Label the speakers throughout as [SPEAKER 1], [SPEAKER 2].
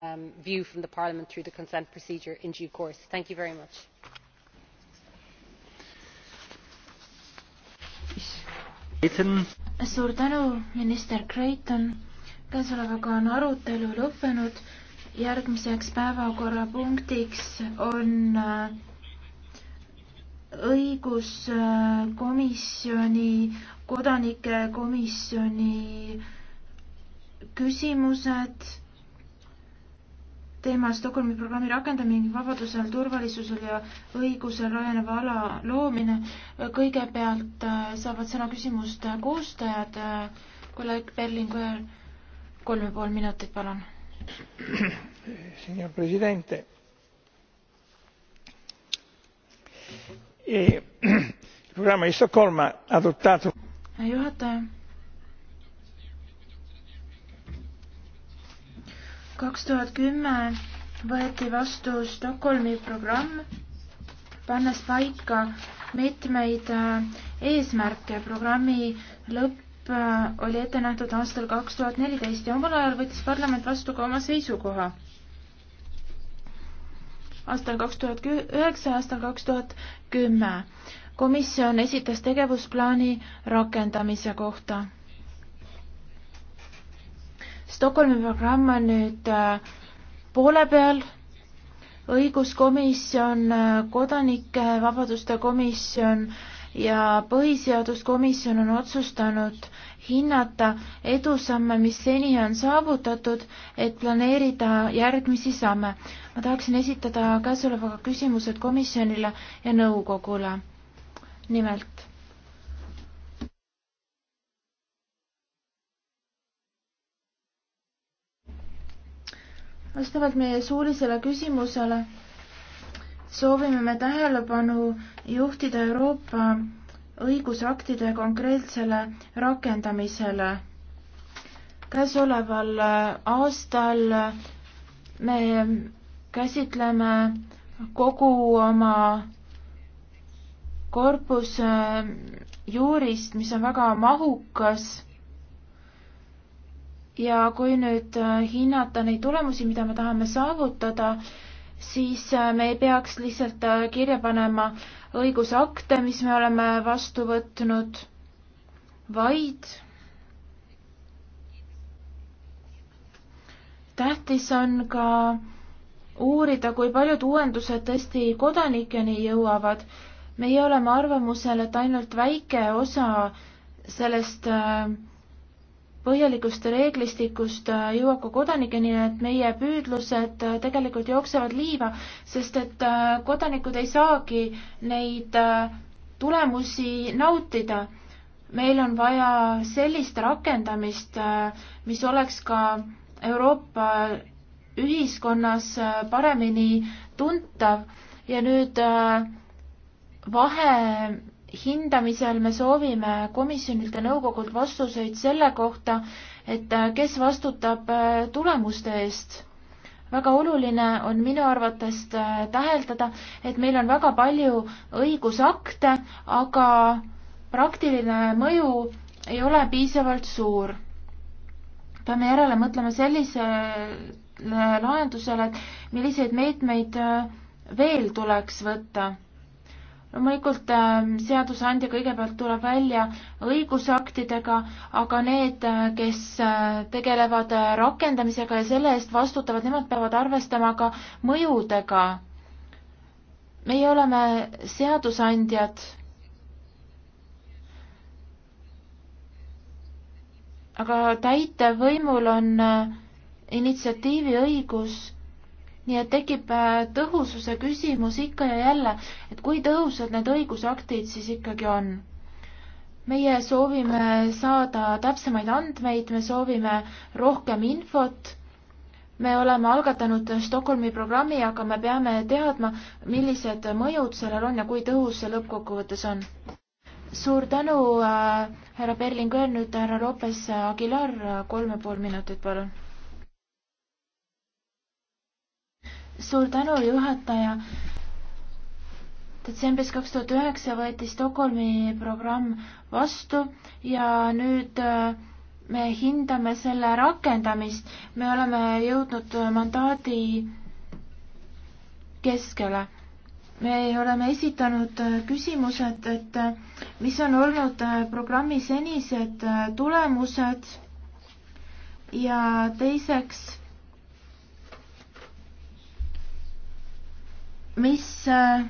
[SPEAKER 1] Um, view from parliament through the consent procedure in due course. thank you very much.
[SPEAKER 2] suur tänu minister Creighton. käesolevaga on arutelu lõppenud. järgmiseks päevakorrapunktiks on äh, õiguskomisjoni, äh, kodanike komisjoni küsimused teemal Stockholmi programmi rakendamine vabadusel, turvalisusel ja õigusel rajaneva ala loomine. kõigepealt äh, saavad sõna küsimuste koostajad, äh, kolleeg Berlinguer, kolm ja pool minutit, palun.
[SPEAKER 1] Signor Presidente e,, il programma di Stoccolma adottato.
[SPEAKER 2] juhataja kaks tuhat kümme võeti vastu Stockholmi programm, pannes paika mitmeid äh, eesmärke. programmi lõpp äh, oli ette nähtud aastal kaks tuhat neliteist ja omal ajal võttis parlament vastu ka oma seisukoha aastal kaks tuhat üheksa, aastal kaks tuhat kümme. komisjon esitas tegevusplaani rakendamise kohta Stockholmi programm on nüüd äh, poole peal, õiguskomisjon, äh, kodanike vabaduste komisjon ja põhiseaduskomisjon on otsustanud hinnata edusamme, mis seni on saavutatud, et planeerida järgmisi samme. ma tahaksin esitada käesolevaga küsimused komisjonile ja nõukogule. nimelt, vastavalt meie suulisele küsimusele soovime me tähelepanu juhtida Euroopa õigusaktide konkreetsele rakendamisele. käesoleval äh, aastal äh, me käsitleme kogu oma korpuse äh, juurist, mis on väga mahukas ja kui nüüd äh, hinnata neid tulemusi, mida me tahame saavutada, siis äh, me ei peaks lihtsalt äh, kirja panema õigusakte, mis me oleme vastu võtnud, vaid tähtis on ka uurida, kui paljud uuendused tõesti kodanikeni jõuavad. meie oleme arvamusel, et ainult väike osa sellest äh, põhjalikust reeglistikust äh, jõuab ka kodanikeni, et meie püüdlused äh, tegelikult jooksevad liiva, sest et äh, kodanikud ei saagi neid tulemusi nautida. meil on vaja sellist rakendamist, mis oleks ka Euroopa ühiskonnas paremini tuntav ja nüüd vahe hindamisel me soovime komisjonilt ja nõukogult vastuseid selle kohta, et äh, kes vastutab äh, tulemuste eest. väga oluline on minu arvates äh, täheldada, et meil on väga palju õigusakte, aga praktiline mõju ei ole piisavalt suur. peame järele mõtlema sellisele lahendusele, et milliseid meetmeid veel tuleks võtta loomulikult ähm, seadusandja kõigepealt tuleb välja õigusaktidega, aga need, äh, kes äh, tegelevad äh, rakendamisega ja selle eest vastutavad, nemad peavad arvestama ka mõjudega. meie oleme seadusandjad. aga täitevvõimul on initsiatiiviõigus nii et tekib äh, tõhususe küsimus ikka ja jälle, et kui tõhusad need õigusaktid siis ikkagi on. meie soovime saada täpsemaid andmeid, me soovime rohkem infot, me oleme algatanud Stockholmi programmi, aga me peame teadma, millised mõjud sellel on ja kui tõhus see lõppkokkuvõttes on. suur tänu äh,, härra Berlinguer, nüüd härra Lopez Aguilar, kolm ja pool minutit, palun suur tänu, juhataja. detsembris kaks tuhat üheksa võeti Stockholmi programm vastu ja nüüd äh, me hindame selle rakendamist. me oleme jõudnud mandaadi keskele. me oleme esitanud äh, küsimused, et äh, mis on olnud programmi senised tulemused ja teiseks mis äh,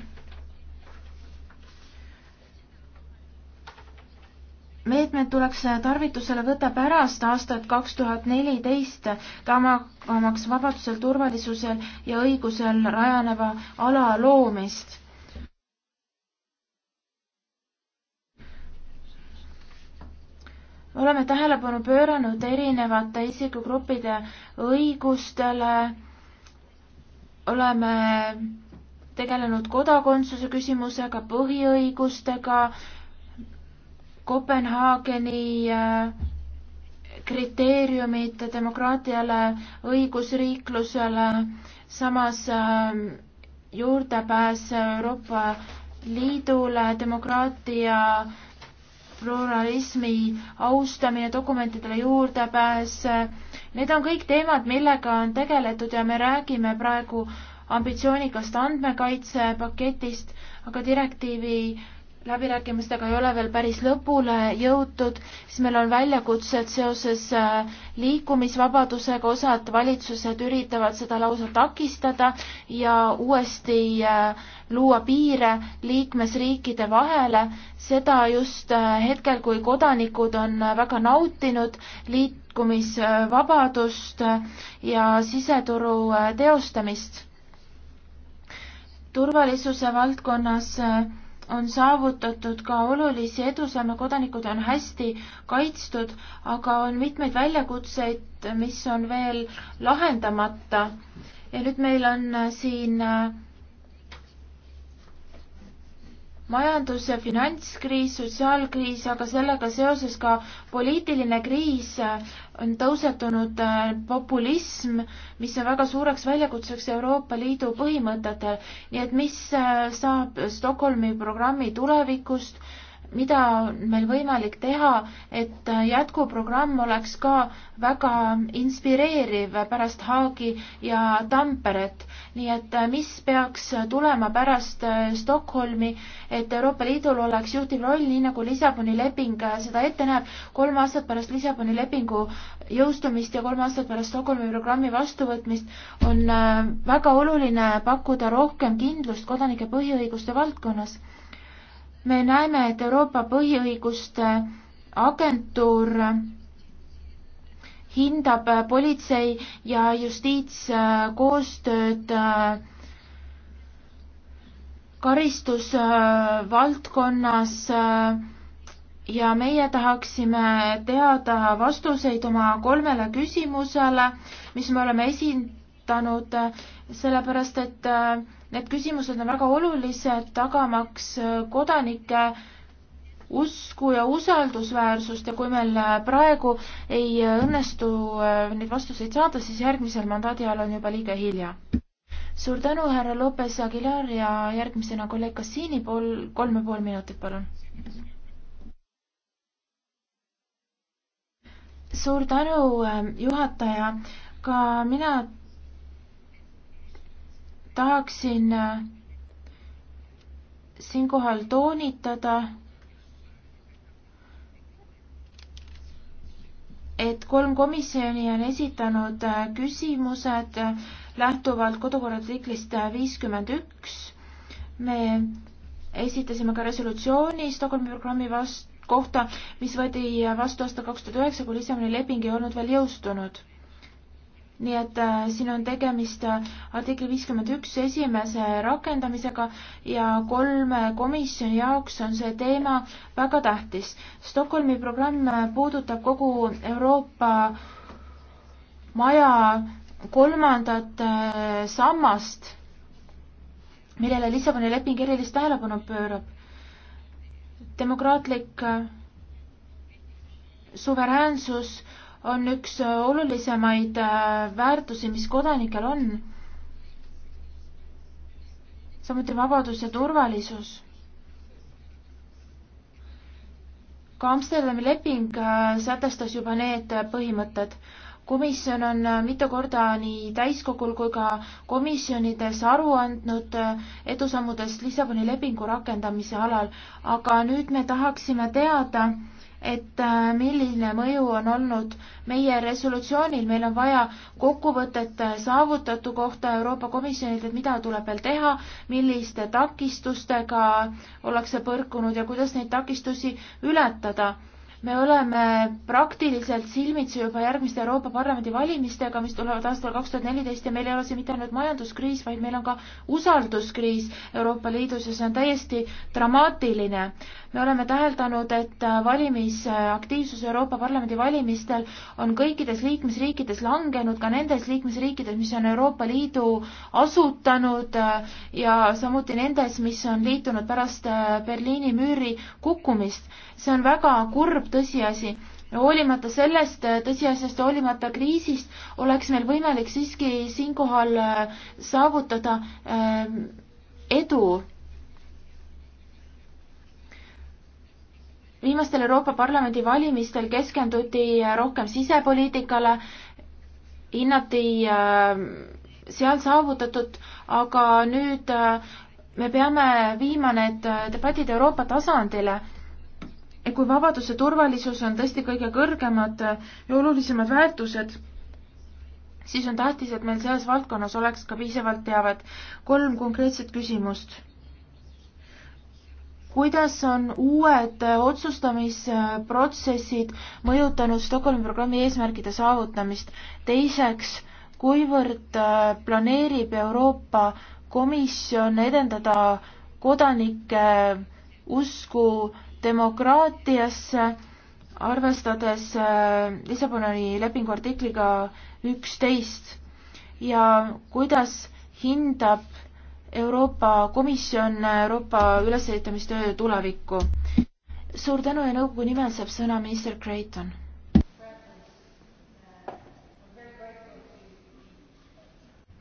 [SPEAKER 2] meetmed tuleks tarvitusele võtta pärast aastat kaks tuhat neliteist, tagamaks vabadusel, turvalisusel ja õigusel rajaneva ala loomist. oleme tähelepanu pööranud erinevate isikugruppide õigustele, oleme tegelenud kodakondsuse küsimusega, põhiõigustega, Kopenhaageni äh, kriteeriumid demokraatiale, õigusriiklusele, samas ähm, juurdepääs Euroopa Liidule, demokraatia pluralismi austamine, dokumentidele juurdepääs, äh, need on kõik teemad, millega on tegeletud ja me räägime praegu ambitsioonikast andmekaitsepaketist, aga direktiivi läbirääkimistega ei ole veel päris lõpule jõutud, siis meil on väljakutsed seoses äh, liikumisvabadusega, osad valitsused üritavad seda lausa takistada ja uuesti äh, luua piire liikmesriikide vahele, seda just äh, hetkel, kui kodanikud on väga nautinud liikumisvabadust ja siseturu teostamist turvalisuse valdkonnas äh, on saavutatud ka olulisi edusamme, kodanikud on hästi kaitstud, aga on mitmeid väljakutseid, mis on veel lahendamata. ja nüüd meil on äh, siin äh, majandus- ja finantskriis, sotsiaalkriis, aga sellega seoses ka poliitiline kriis äh, on tõusetunud äh, populism, mis on väga suureks väljakutseks Euroopa Liidu põhimõtetel. nii et mis äh, saab Stockholmi programmi tulevikust, mida on meil võimalik teha, et jätkuprogramm oleks ka väga inspireeriv pärast Haagi ja Tamperet nii et äh, mis peaks äh, tulema pärast äh, Stockholmi, et Euroopa Liidul oleks juhtiv roll, nii nagu Lissaboni leping seda ette näeb, kolm aastat pärast Lissaboni lepingu jõustumist ja kolm aastat pärast Stockholmi programmi vastuvõtmist on väga oluline pakkuda rohkem kindlust kodanike põhiõiguste valdkonnas. me näeme, et Euroopa põhiõiguste agentuur hindab äh, politsei ja justiitskoostööd äh, äh, karistusvaldkonnas ja meie tahaksime teada vastuseid oma kolmele küsimusele, mis me oleme esindanud, sellepärast et need küsimused on väga olulised, tagamaks kodanike usku ja usaldusväärsust ja kui meil äh, praegu ei äh, õnnestu äh, neid vastuseid saada, siis järgmisel mandaadi ajal on juba liiga hilja. suur tänu, härra Lopez Aguilar ja järgmisena kolleeg Kassiini pool, kolm ja pool minutit, palun. suur tänu, ähm, juhataja, ka mina tahaksin siinkohal toonitada et kolm komisjoni on esitanud äh, küsimused äh, lähtuvalt kodukorra artiklist äh, viiskümmend üks. me esitasime ka resolutsiooni Stockholmi programmi vast-, kohta, mis võeti vastu aastal kaks tuhat üheksa, kui Lissaboni leping ei olnud veel jõustunud nii et äh, siin on tegemist äh, artikli viiskümmend üks esimese rakendamisega ja kolme äh, komisjoni jaoks on see teema väga tähtis. Stockholmi programm puudutab kogu Euroopa maja kolmandat sammast, millele Lissaboni leping erilist tähelepanu pöörab. demokraatlik suveräänsus on üks äh, olulisemaid äh, väärtusi, mis kodanikel on. samuti vabadus ja turvalisus. ka Amsterdami leping äh, sätestas juba need põhimõtted. komisjon on mitu korda nii täiskogul kui ka komisjonides aru andnud edusammudest Lissaboni lepingu rakendamise alal, aga nüüd me tahaksime teada, et äh, milline mõju on olnud meie resolutsioonil, meil on vaja kokkuvõtet äh, saavutatu kohta Euroopa Komisjonilt, et mida tuleb veel teha, milliste takistustega ollakse põrkunud ja kuidas neid takistusi ületada. me oleme praktiliselt silmitsi juba järgmiste Euroopa Parlamendi valimistega, mis tulevad aastal kaks tuhat neliteist ja meil ei ole see mitte ainult majanduskriis, vaid meil on ka usalduskriis Euroopa Liidus ja see on täiesti dramaatiline me oleme täheldanud, et valimisaktiivsus Euroopa Parlamendi valimistel on kõikides liikmesriikides langenud, ka nendes liikmesriikides, mis on Euroopa Liidu asutanud ja samuti nendes, mis on liitunud pärast äh, Berliini müüri kukkumist. see on väga kurb tõsiasi ja hoolimata sellest äh, tõsiasjast, hoolimata kriisist, oleks meil võimalik siiski siinkohal äh, saavutada edu viimastel Euroopa Parlamendi valimistel keskenduti rohkem sisepoliitikale, hinnati äh, seal saavutatud, aga nüüd äh, me peame viima need äh, debatid Euroopa tasandile. ja kui vabadus ja turvalisus on tõesti kõige kõrgemad ja olulisemad väärtused, siis on tähtis, et meil selles valdkonnas oleks ka piisavalt teavet. kolm konkreetset küsimust kuidas on uued otsustamisprotsessid mõjutanud Stockholmi programmi eesmärkide saavutamist? teiseks, kuivõrd äh, planeerib Euroopa Komisjon edendada kodanike äh, usku demokraatiasse, arvestades äh, Lissaboni lepingu artikliga üksteist ja kuidas hindab Euroopa Komisjon Euroopa ülesehitamistöö tulevikku. suur tänu ja nõukogu nimel saab sõna minister Creighton.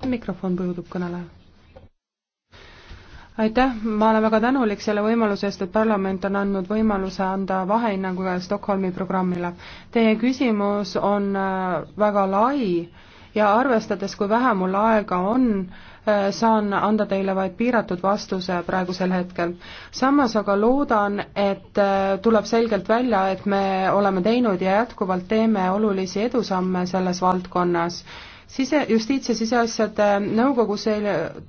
[SPEAKER 3] mikrofon puudub kõnele. aitäh, ma olen väga tänulik selle võimaluse eest, et parlament on andnud võimaluse anda vahehinnangu Stockholmi programmile. Teie küsimus on äh, väga lai ja arvestades, kui vähe mul aega on, äh, saan anda teile vaid piiratud vastuse praegusel hetkel. samas aga loodan, et äh, tuleb selgelt välja, et me oleme teinud ja jätkuvalt teeme olulisi edusamme selles valdkonnas sise, justiits- ja siseasjade nõukogus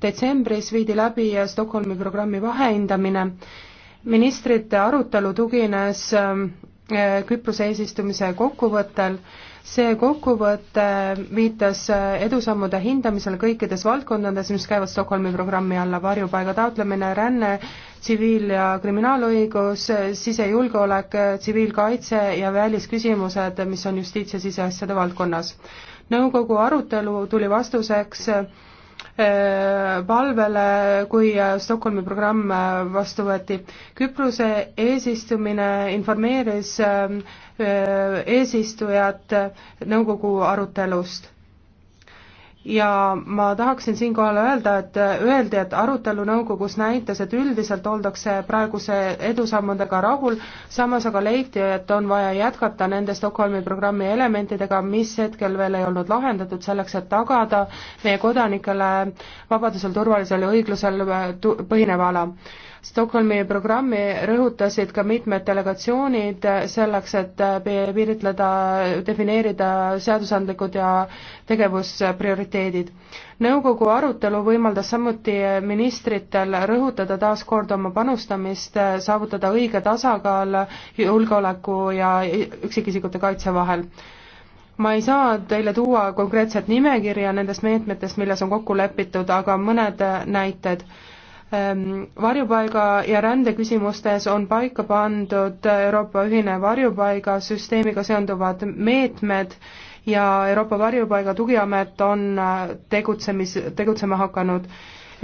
[SPEAKER 3] detsembris viidi läbi Stockholmi programmi vahehindamine. ministrite arutelu tugines äh, Küprose eesistumise kokkuvõttel see kokkuvõte viitas edusammude hindamisele kõikides valdkondades, mis käivad Stockholmi programmi alla, varjupaiga taotlemine, ränne, tsiviil- ja kriminaalõigus, sisejulgeolek, tsiviilkaitse ja välisküsimused, mis on justiits- ja siseasjade valdkonnas. nõukogu arutelu tuli vastuseks Äh, palvele, kui äh, Stockholmi programm äh, vastu võeti. Küprose eesistumine informeeris eesistujat nõukogu arutelust ja ma tahaksin siinkohal öelda, et öeldi, et arutelu nõukogus näitas, et üldiselt oldakse praeguse edusammudega rahul, samas aga leiti, et on vaja jätkata nende Stockholmi programmi elementidega, mis hetkel veel ei olnud lahendatud, selleks et tagada meie kodanikele vabadusel, turvalisel ja õiglusel põhinev ala Stockholmi programmi rõhutasid ka mitmed delegatsioonid selleks, et äh, piiritleda, defineerida seadusandlikud ja tegevusprioriteedid. nõukogu arutelu võimaldas samuti ministritel rõhutada taas kord oma panustamist, äh, saavutada õige tasakaal julgeoleku ja üksikisikute kaitse vahel ma ei saa teile tuua konkreetset nimekirja nendest meetmetest, milles on kokku lepitud, aga mõned äh, näited Ehm, varjupaiga ja rändeküsimustes on paika pandud Euroopa ühine varjupaigasüsteemiga seonduvad meetmed ja Euroopa Varjupaiga Tugiamet on äh, tegutsemis, tegutsema hakanud.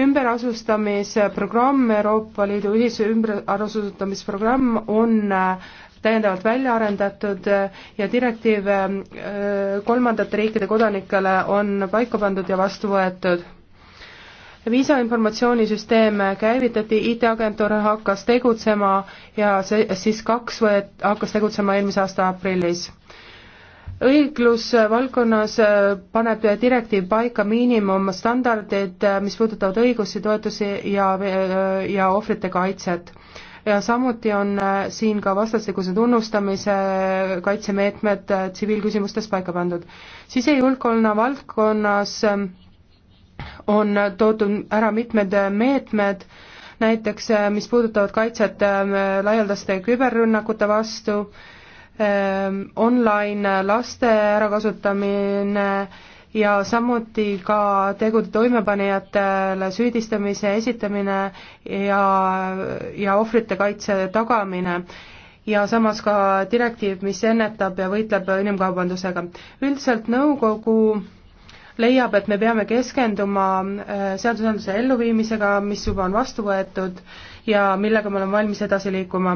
[SPEAKER 3] ümberasustamisprogramm, Euroopa Liidu ühise ümberasustamisprogramm on äh, täiendavalt välja arendatud äh, ja direktiiv kolmandate riikide kodanikele on paika pandud ja vastu võetud viisainformatsioonisüsteem käivitati, IT-agentuur hakkas tegutsema ja see siis kaks võet-, hakkas tegutsema eelmise aasta aprillis. õiglusvaldkonnas äh, paneb direktiiv paika miinimumstandardid, äh, mis puudutavad õigusi, toetusi ja, äh, ja ohvrite kaitset. ja samuti on siin ka vastastikuse tunnustamise kaitsemeetmed tsiviilküsimustes paika pandud. sisejulgkonna valdkonnas on toodud ära mitmed meetmed, näiteks äh, mis puudutavad kaitset ähm, laialdaste küberrünnakute vastu, ähm, online laste ärakasutamine ja samuti ka tegude toimepanijatele süüdistamise esitamine ja, ja ohvrite kaitse tagamine ja samas ka direktiiv, mis ennetab ja võitleb inimkaubandusega. üldiselt nõukogu leiab, et me peame keskenduma äh, seadusandluse elluviimisega, mis juba on vastu võetud ja millega me oleme valmis edasi liikuma.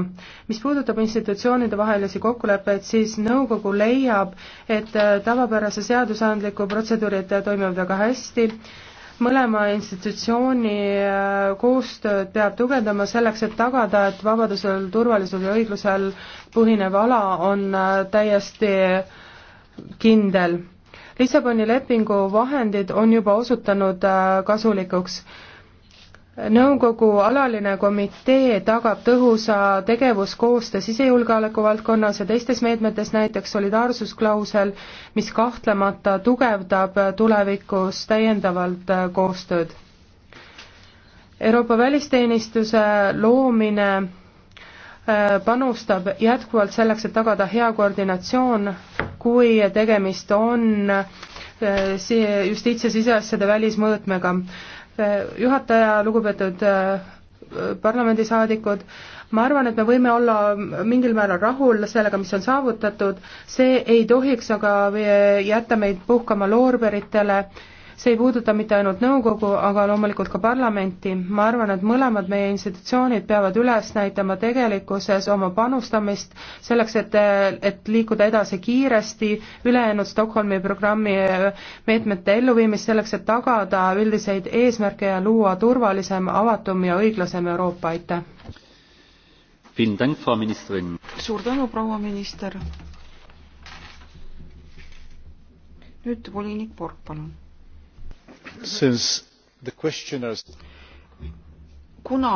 [SPEAKER 3] mis puudutab institutsioonide vahelisi kokkuleppeid, siis nõukogu leiab, et äh, tavapärase seadusandliku protseduurid toimivad väga hästi, mõlema institutsiooni äh, koostööd peab tugevdama selleks, et tagada, et vabadusel, turvalisusel ja õiglusel põhinev ala on täiesti kindel Lissaboni lepingu vahendid on juba osutunud äh, kasulikuks nõukogu alaline komitee tagab tõhusa tegevuskoostöö sisejulgeoleku valdkonnas ja teistes meetmetes, näiteks solidaarsusklausel, mis kahtlemata tugevdab tulevikus täiendavalt äh, koostööd. Euroopa välisteenistuse loomine Äh, panustab jätkuvalt selleks, et tagada hea koordinatsioon, kui tegemist on äh, justiits- ja siseasjade välismõõtmega. Äh, juhataja, lugupeetud parlamendisaadikud, ma arvan, et me võime olla mingil määral rahul sellega, mis on saavutatud, see ei tohiks aga jätta meid puhkama loorberitele see ei puuduta mitte ainult nõukogu, aga loomulikult ka parlamenti. ma arvan, et mõlemad meie institutsioonid peavad üles näitama tegelikkuses oma panustamist selleks, et, et liikuda edasi kiiresti ülejäänud Stockholmi programmi meetmete elluviimist, selleks et tagada üldiseid eesmärke ja luua turvalisem, avatum ja õiglasem Euroopa, aitäh!
[SPEAKER 4] suur tänu, proua minister! nüüd volinik Borg, palun Questioners... kuna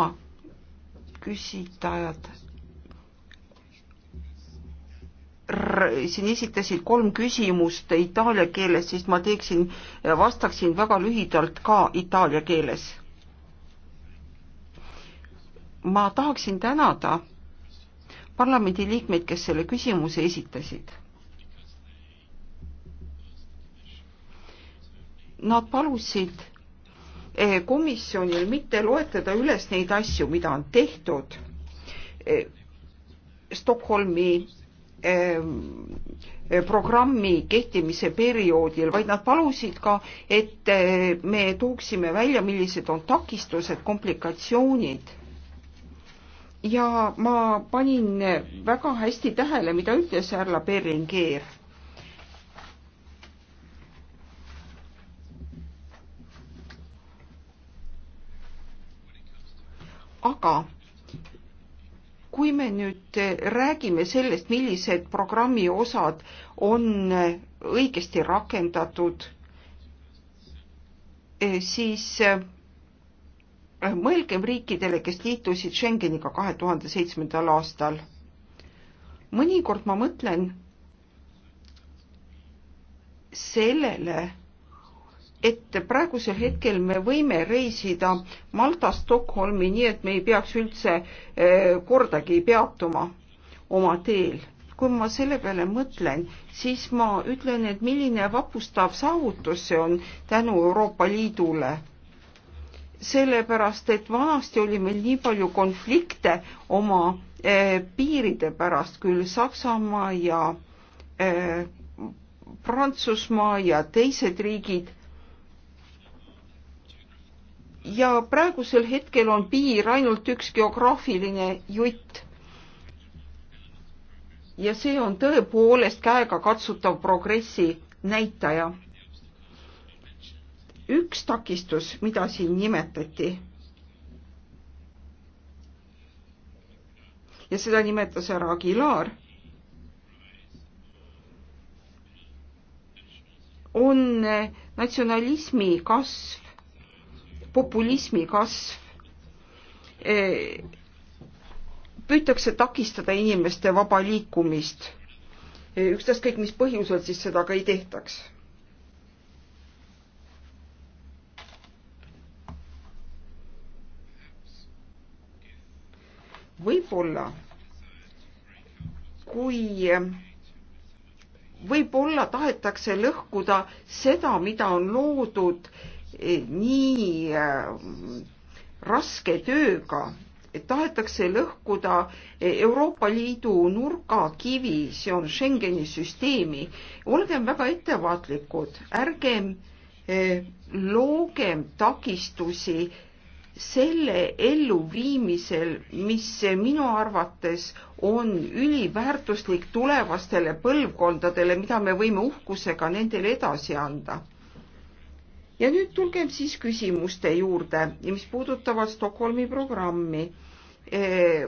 [SPEAKER 4] küsitajad siin esitasid kolm küsimust itaalia keeles, siis ma teeksin, vastaksin väga lühidalt ka itaalia keeles. ma tahaksin tänada parlamendiliikmeid, kes selle küsimuse esitasid nad palusid eh, komisjonil mitte loetleda üles neid asju, mida on tehtud eh, Stockholmi eh, programmi kehtimise perioodil, vaid nad palusid ka, et me tooksime välja, millised on takistused, komplikatsioonid ja ma panin väga hästi tähele, mida ütles härra Beringer aga kui me nüüd räägime sellest, millised programmi osad on õigesti rakendatud, eh, siis eh, mõelgem riikidele, kes liitusid Schengeniga kahe tuhande seitsmendal aastal. mõnikord ma mõtlen sellele, et praegusel hetkel me võime reisida Maltast Stockholmi nii, et me ei peaks üldse eh, kordagi peatuma oma teel. kui ma selle peale mõtlen, siis ma ütlen, et milline vapustav saavutus see on tänu Euroopa Liidule. sellepärast, et vanasti oli meil nii palju konflikte oma eh, piiride pärast, küll Saksamaa ja eh, Prantsusmaa ja teised riigid ja praegusel hetkel on piir ainult üks geograafiline jutt. ja see on tõepoolest käegakatsutav progressi näitaja. üks takistus, mida siin nimetati ja seda nimetas härra Aguilar, on eh, natsionalismi kasv populismi kasv e, püütakse takistada inimeste vaba liikumist. E, ükstaskõik, mis põhjusel siis seda ka ei tehtaks. võib-olla, kui e, võib-olla tahetakse lõhkuda seda, mida on loodud nii äh, raske tööga, et tahetakse lõhkuda Euroopa Liidu nurgakivi, see on Schengeni süsteemi. olgem väga ettevaatlikud, ärgem äh, loogem takistusi selle elluviimisel, mis minu arvates on üliväärtuslik tulevastele põlvkondadele, mida me võime uhkusega nendele edasi anda ja nüüd tulgem siis küsimuste juurde, mis puudutavad Stockholmi programmi. Eh,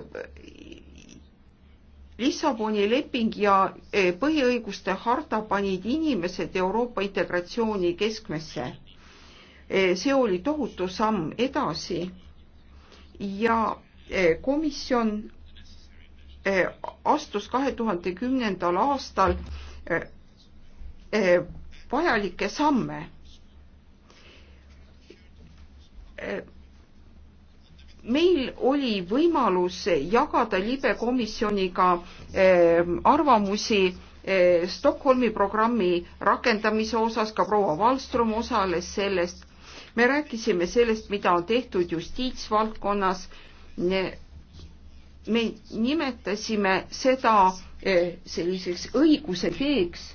[SPEAKER 4] Lissaboni leping ja eh, põhiõiguste harta panid inimesed Euroopa integratsiooni keskmesse. Eh, see oli tohutu samm edasi ja komisjon astus kahe tuhande kümnendal aastal vajalikke samme meil oli võimalus jagada libekomisjoniga ehm, arvamusi ehm, Stockholmi programmi rakendamise osas, ka proua Valström osales sellest. me rääkisime sellest, mida on tehtud justiitsvaldkonnas. me nimetasime seda ehm, selliseks õiguse teeks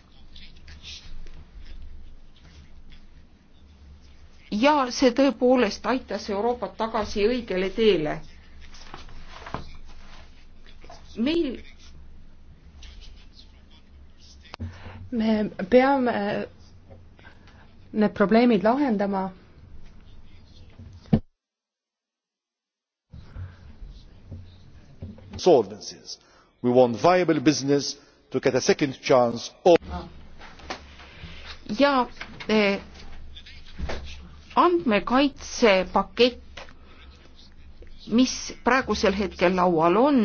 [SPEAKER 4] ja see tõepoolest aitas Euroopat tagasi õigele teele.
[SPEAKER 3] meil me peame need probleemid lahendama.
[SPEAKER 1] solvencies. We want viable business to get a second chance.
[SPEAKER 4] ja eh, andmekaitsepakett mis praegusel hetkel laual on,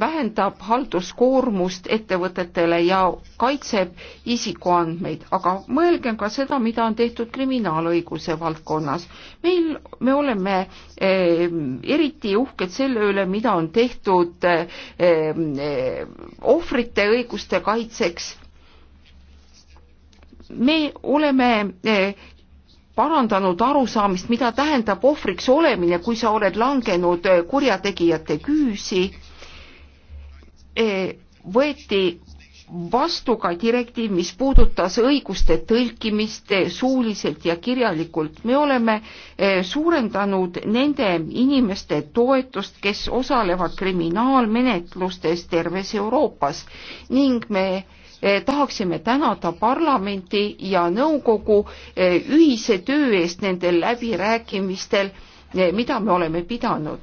[SPEAKER 4] vähendab halduskoormust ettevõtetele ja kaitseb isikuandmeid, aga mõelgem ka seda, mida on tehtud kriminaalõiguse valdkonnas. meil, me oleme eh, eriti uhked selle üle, mida on tehtud eh, eh, ohvrite õiguste kaitseks me oleme eh, parandanud arusaamist, mida tähendab ohvriks olemine, kui sa oled langenud eh, kurjategijate küüsi. Eh, võeti vastu ka direktiiv, mis puudutas õiguste tõlkimist eh, suuliselt ja kirjalikult. me oleme suurendanud nende inimeste toetust, kes osalevad kriminaalmenetlustes terves Euroopas ning me Eh, tahaksime tänada parlamenti ja nõukogu eh, ühise töö eest nendel läbirääkimistel, eh, mida me oleme pidanud.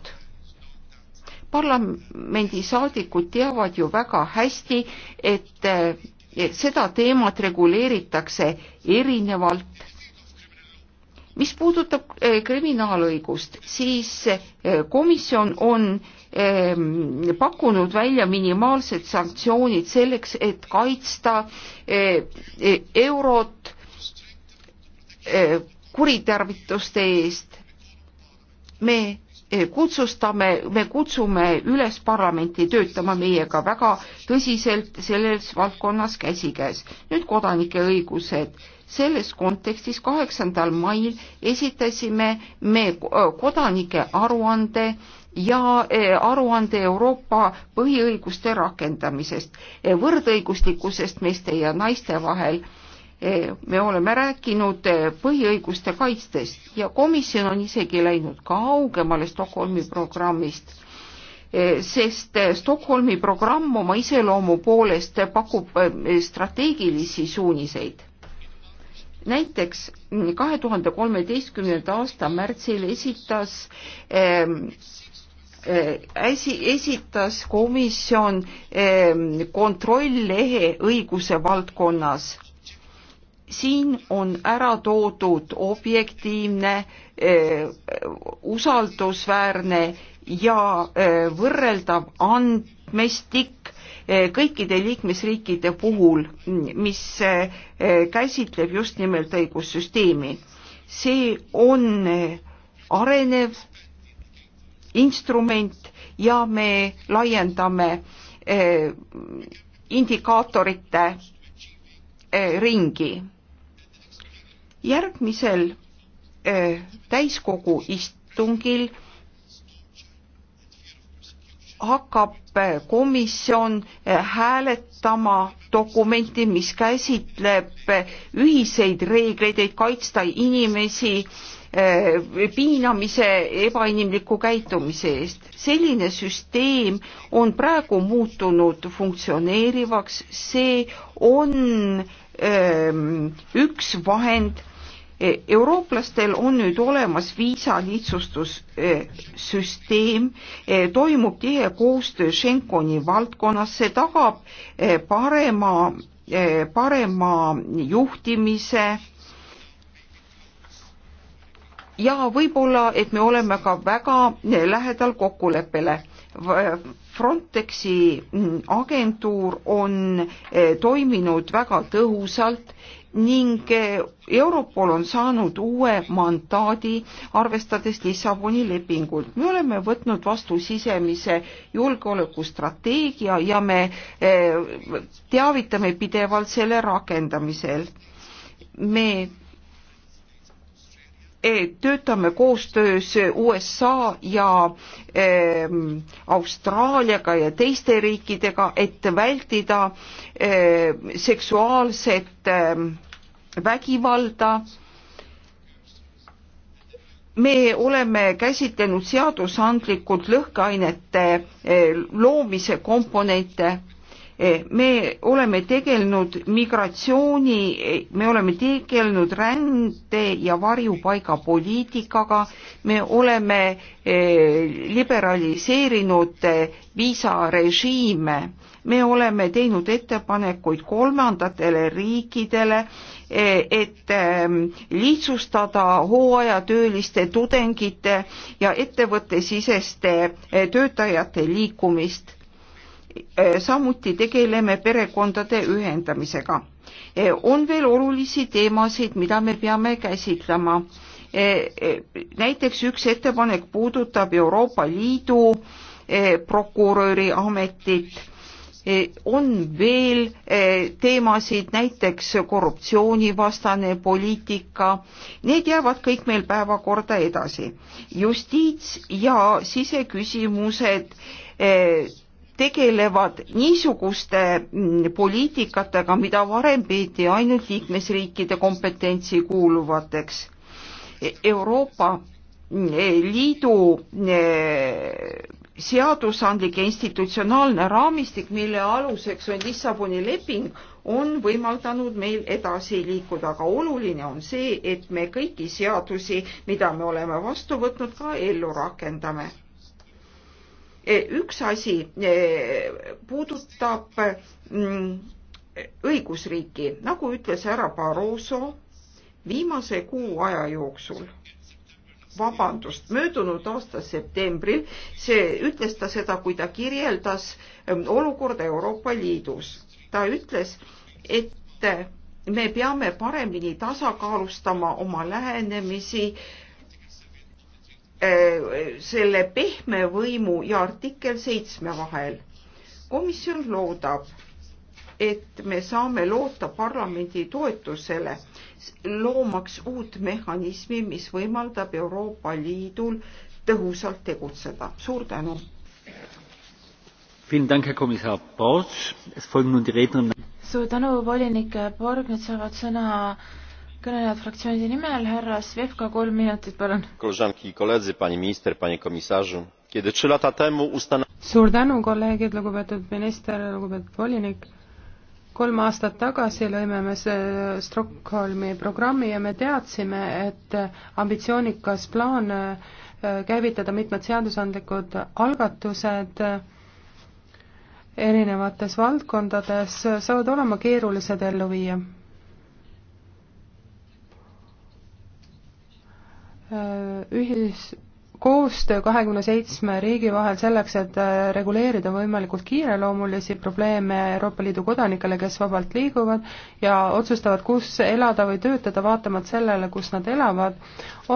[SPEAKER 4] parlamendisaadikud teavad ju väga hästi, et seda teemat reguleeritakse erinevalt. mis puudutab kriminaalõigust, siis komisjon on Ähm, pakkunud välja minimaalsed sanktsioonid selleks, et kaitsta äh, eurot äh, kuritarvituste eest. me äh, kutsustame, me kutsume üles parlamenti töötama meiega väga tõsiselt selles valdkonnas käsikäes. nüüd kodanike õigused. selles kontekstis kaheksandal mail esitasime me kodanike aruande ja e, aruande Euroopa põhiõiguste rakendamisest, e, võrdõiguslikkusest meeste ja naiste vahel. E, me oleme rääkinud põhiõiguste kaitstest ja komisjon on isegi läinud kaugemale Stockholmi programmist, sest Stockholmi programm oma iseloomu poolest pakub strateegilisi suuniseid näiteks kahe tuhande kolmeteistkümnenda aasta märtsil esitas äsi, äh, esitas komisjon ähm, kontrolllehe õiguse valdkonnas. siin on ära toodud objektiivne, äh, usaldusväärne ja äh, võrreldav andmestik kõikide liikmesriikide puhul, mis käsitleb just nimelt õigussüsteemi. see on arenev instrument ja me laiendame eh, indikaatorite eh, ringi. järgmisel eh, täiskogu istungil hakkab komisjon hääletama dokumenti, mis käsitleb ühiseid reegleid, et kaitsta inimesi Äh, piinamise, ebainimliku käitumise eest. selline süsteem on praegu muutunud funktsioneerivaks, see on ähm, üks vahend. E, eurooplastel on nüüd olemas viisalihtsustussüsteem, e, e, toimub tihe koostöö Schengeni valdkonnas, see tagab parema, parema juhtimise ja võib-olla, et me oleme ka väga lähedal kokkuleppele. Frontexi agentuur on eh, toiminud väga tõhusalt ning eh, Europol on saanud uue mandaadi, arvestades Lissaboni lepingut. me oleme võtnud vastu sisemise julgeolekustrateegia ja me eh, teavitame pidevalt selle rakendamisel. me E, töötame koostöös USA ja äh, Austraaliaga ja teiste riikidega, et vältida äh, seksuaalset äh, vägivalda. me oleme käsitlenud seadusandlikult lõhkeainete eh, loomise komponente Eh, me oleme tegelenud migratsiooni, eh, me oleme tegelenud rände ja varjupaigapoliitikaga, me oleme eh, liberaliseerinud viisarežiime, me oleme teinud ettepanekuid kolmandatele riikidele, et lihtsustada hooajatööliste, tudengite ja ettevõttesiseste töötajate liikumist Äh, samuti tegeleme perekondade ühendamisega. Äh, on veel olulisi teemasid, mida me peame käsitlema. Äh, näiteks üks ettepanek puudutab Euroopa Liidu prokuröri ametit on veel teemasid, näiteks korruptsioonivastane poliitika, need jäävad kõik meil päevakorda edasi. justiits ja siseküsimused tegelevad niisuguste mm, poliitikatega, mida varem peeti ainult liikmesriikide kompetentsi kuuluvateks. E, Euroopa mm, e, Liidu e, seadusandlik institutsionaalne raamistik, mille aluseks on Lissaboni leping, on võimaldanud meil edasi liikuda, aga oluline on see, et me kõiki seadusi, mida me oleme vastu võtnud, ka ellu rakendame Eh, üks asi eh, puudutab mm, õigusriiki, nagu ütles härra Barroso viimase kuu aja jooksul vabandust, möödunud aasta septembril, see ütles ta seda, kui ta kirjeldas ehm, olukorda Euroopa Liidus. ta ütles, et me peame paremini tasakaalustama oma lähenemisi Äh, selle pehme võimu ja artikkel seitsme vahel. komisjon loodab, et me saame loota parlamendi toetusele, loomaks uut mehhanismi, mis võimaldab Euroopa Liidul tõhusalt tegutseda. suur tänu!
[SPEAKER 2] suur tänu, volinik Borg, nüüd saavad sõna kõnelejad fraktsioonide nimel, härra Svevka, kolm minutit, palun.
[SPEAKER 3] suur tänu, kolleegid, lugupeetud minister, lugupeetud volinik kolm aastat tagasi lõime me see Stockholmi programmi ja me teadsime, et ambitsioonikas plaan äh, käivitada mitmed seadusandlikud algatused äh, erinevates valdkondades saavad olema keerulised ellu viia Äh, ühis, koostöö kahekümne seitsme riigi vahel selleks, et äh, reguleerida võimalikult kiireloomulisi probleeme Euroopa Liidu kodanikele, kes vabalt liiguvad ja otsustavad, kus elada või töötada, vaatamata sellele, kus nad elavad,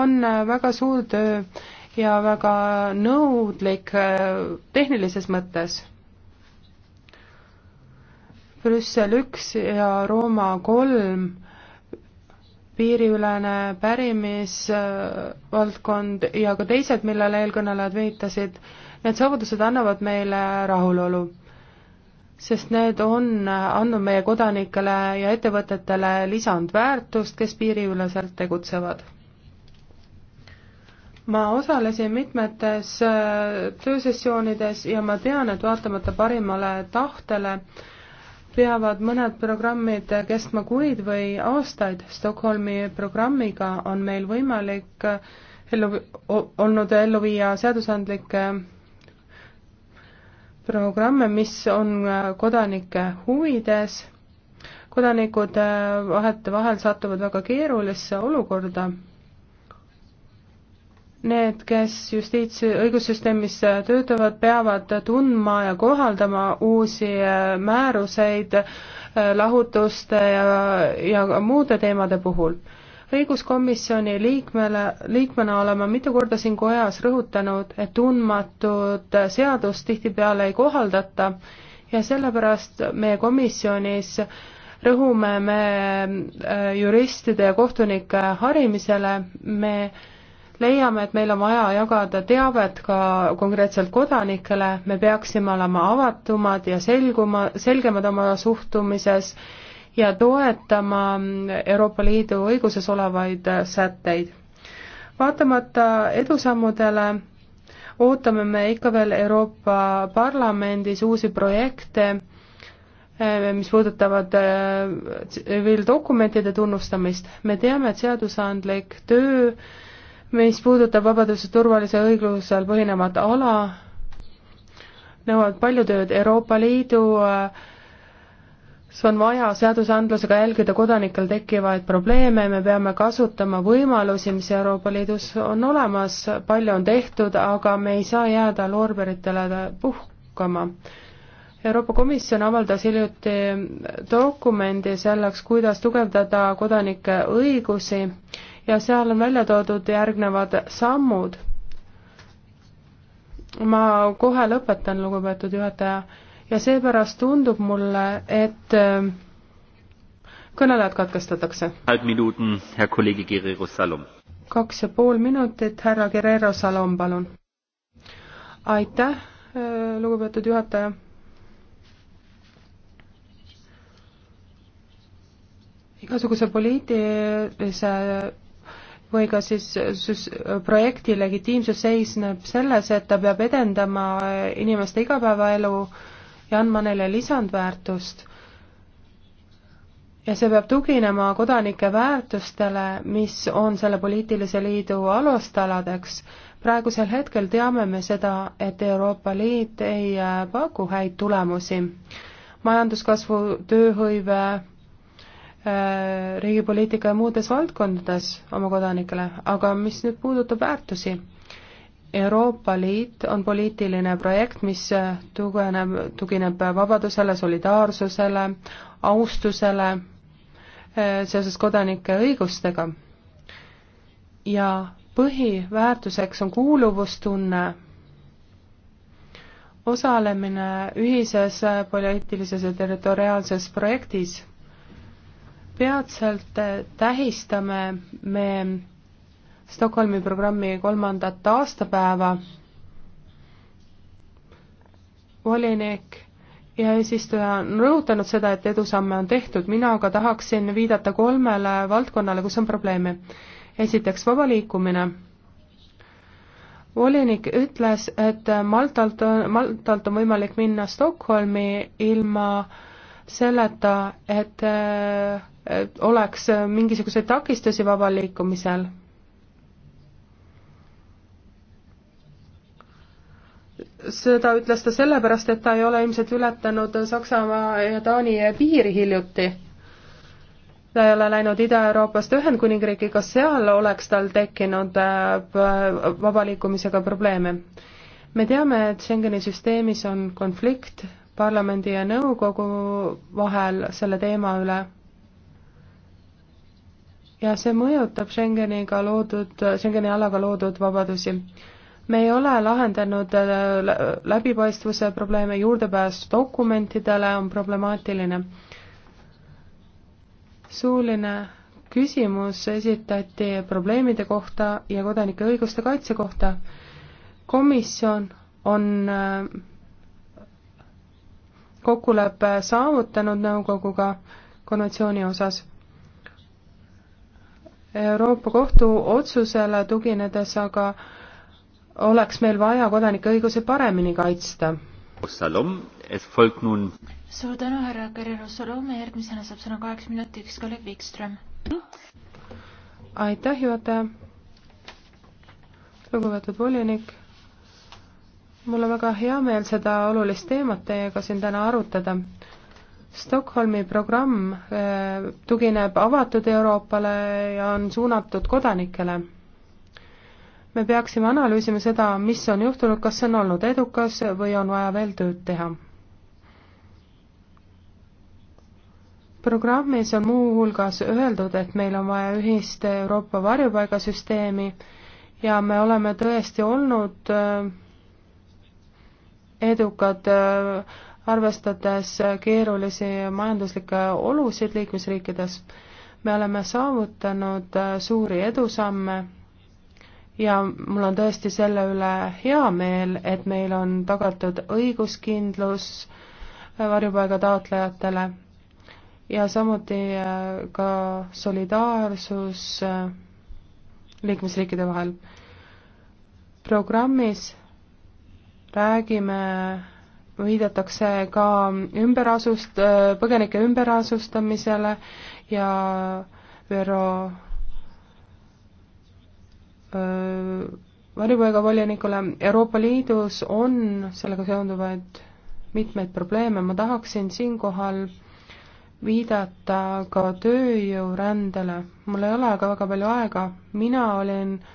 [SPEAKER 3] on äh, väga suur töö ja väga nõudlik tehnilises mõttes. Brüssel üks ja Rooma kolm piiriülene pärimisvaldkond ja ka teised, millele eelkõnelejad viitasid, need saavutused annavad meile rahulolu. sest need on andnud meie kodanikele ja ettevõtetele lisandväärtust, kes piiriüleselt tegutsevad ma osalesin mitmetes äh, töösessioonides ja ma tean, et vaatamata parimale tahtele peavad mõned programmid kestma kuid või aastaid. Stockholmi programmiga on meil võimalik ellu, olnud ellu viia seadusandlikke programme, mis on kodanike huvides. kodanikud vahetevahel satuvad väga keerulisse olukorda need, kes justiits-, õigussüsteemis töötavad, peavad tundma ja kohaldama uusi äh, määruseid äh, lahutuste ja, ja muude teemade puhul. õiguskomisjoni liikmele, liikmena olen ma mitu korda siin kojas rõhutanud, et tundmatut seadust tihtipeale ei kohaldata ja sellepärast meie komisjonis rõhume me äh, juristide ja kohtunike harimisele, me leiame, et meil on vaja jagada teavet ka konkreetselt kodanikele, me peaksime olema avatumad ja selguma, selgemad oma suhtumises ja toetama Euroopa Liidu õiguses olevaid sätteid. vaatamata edusammudele ootame me ikka veel Euroopa Parlamendis uusi projekte, eh, mis puudutavad eh, tsiviildokumentide tunnustamist. me teame, et seadusandlik töö mis puudutab vabaduse, turvalise õiglusel põhinevat ala, nõuavad palju tööd Euroopa Liidu see on vaja seadusandlusega jälgida kodanikel tekkivaid probleeme, me peame kasutama võimalusi, mis Euroopa Liidus on olemas, palju on tehtud, aga me ei saa jääda loorberitele puhkama. Euroopa Komisjon avaldas hiljuti dokumendi selleks, kuidas tugevdada kodanike õigusi ja seal on välja toodud järgnevad sammud. ma kohe lõpetan, lugupeetud juhataja, ja seepärast tundub mulle, et äh, kõnelejad
[SPEAKER 5] katkestatakse.
[SPEAKER 3] kaks ja pool minutit, härra Guerrero Salom, palun. aitäh, äh, lugupeetud juhataja igasuguse poliitilise või ka siis süs, projekti legitiimsus seisneb selles, et ta peab edendama inimeste igapäevaelu ja andma neile lisandväärtust. ja see peab tuginema kodanike väärtustele, mis on selle poliitilise liidu alustaladeks. praegusel hetkel teame me seda, et Euroopa Liit ei paku häid tulemusi. majanduskasvu, tööhõive, Äh, riigipoliitika ja muudes valdkondades oma kodanikele, aga mis nüüd puudutab väärtusi, Euroopa Liit on poliitiline projekt, mis äh, tugeneb, tugineb vabadusele, solidaarsusele, austusele äh, seoses kodanike õigustega. ja põhiväärtuseks on kuuluvustunne, osalemine ühises poliitilises ja territoriaalses projektis peatselt tähistame me Stockholmi programmi kolmandat aastapäeva. volinik ja eesistuja on rõhutanud seda, et edusamme on tehtud, mina aga tahaksin viidata kolmele valdkonnale, kus on probleeme. esiteks, vaba liikumine. volinik ütles, et Maltalt, Maltalt on võimalik minna Stockholmi ilma äh, selleta, et äh, oleks mingisuguseid takistusi vabal liikumisel. seda ütles ta sellepärast, et ta ei ole ilmselt ületanud Saksamaa ja Taani piiri hiljuti. ta ei ole läinud Ida-Euroopast Ühendkuningriiki, kas seal oleks tal tekkinud äh, vaba liikumisega probleeme? me teame, et Schengeni süsteemis on konflikt parlamendi ja nõukogu vahel selle teema üle. ja see mõjutab Schengeniga loodud, Schengeni alaga loodud vabadusi. me ei ole lahendanud äh, läbipaistvuse probleeme, juurdepääs dokumentidele on problemaatiline. suuline küsimus esitati probleemide kohta ja kodanike õiguste kaitse kohta. komisjon on äh, kokkuleppe saavutanud nõukoguga konventsiooni osas. Euroopa Kohtu otsusele tuginedes aga oleks meil vaja kodanike õigusi paremini kaitsta.
[SPEAKER 2] suur tänu, härra Guerrero Salom, järgmisena saab sõna kaheks minutiks Kalev
[SPEAKER 3] Wikström. aitäh, juhataja. lugupeetud volinik mul on väga hea meel seda olulist teemat teiega siin täna arutada. Stockholmi programm äh, tugineb avatud Euroopale ja on suunatud kodanikele. me peaksime analüüsima seda, mis on juhtunud, kas see on olnud edukas või on vaja veel tööd teha. programmis on muuhulgas öeldud, et meil on vaja ühist Euroopa varjupaigasüsteemi ja me oleme tõesti olnud äh, edukad, äh, arvestades keerulisi majanduslikke olusid liikmesriikides. me oleme saavutanud äh, suuri edusamme ja mul on tõesti selle üle hea meel, et meil on tagatud õiguskindlus äh, varjupaiga taotlejatele ja samuti ka solidaarsus liikmesriikide vahel. programmis räägime, viidatakse ka ümberasust, põgenike ümberasustamisele ja ÜRO varjupaigavolinikule Euroopa Liidus on sellega seonduvaid mitmeid probleeme, ma tahaksin siinkohal viidata ka tööjõurändele. mul ei ole ka väga palju aega, mina olin äh,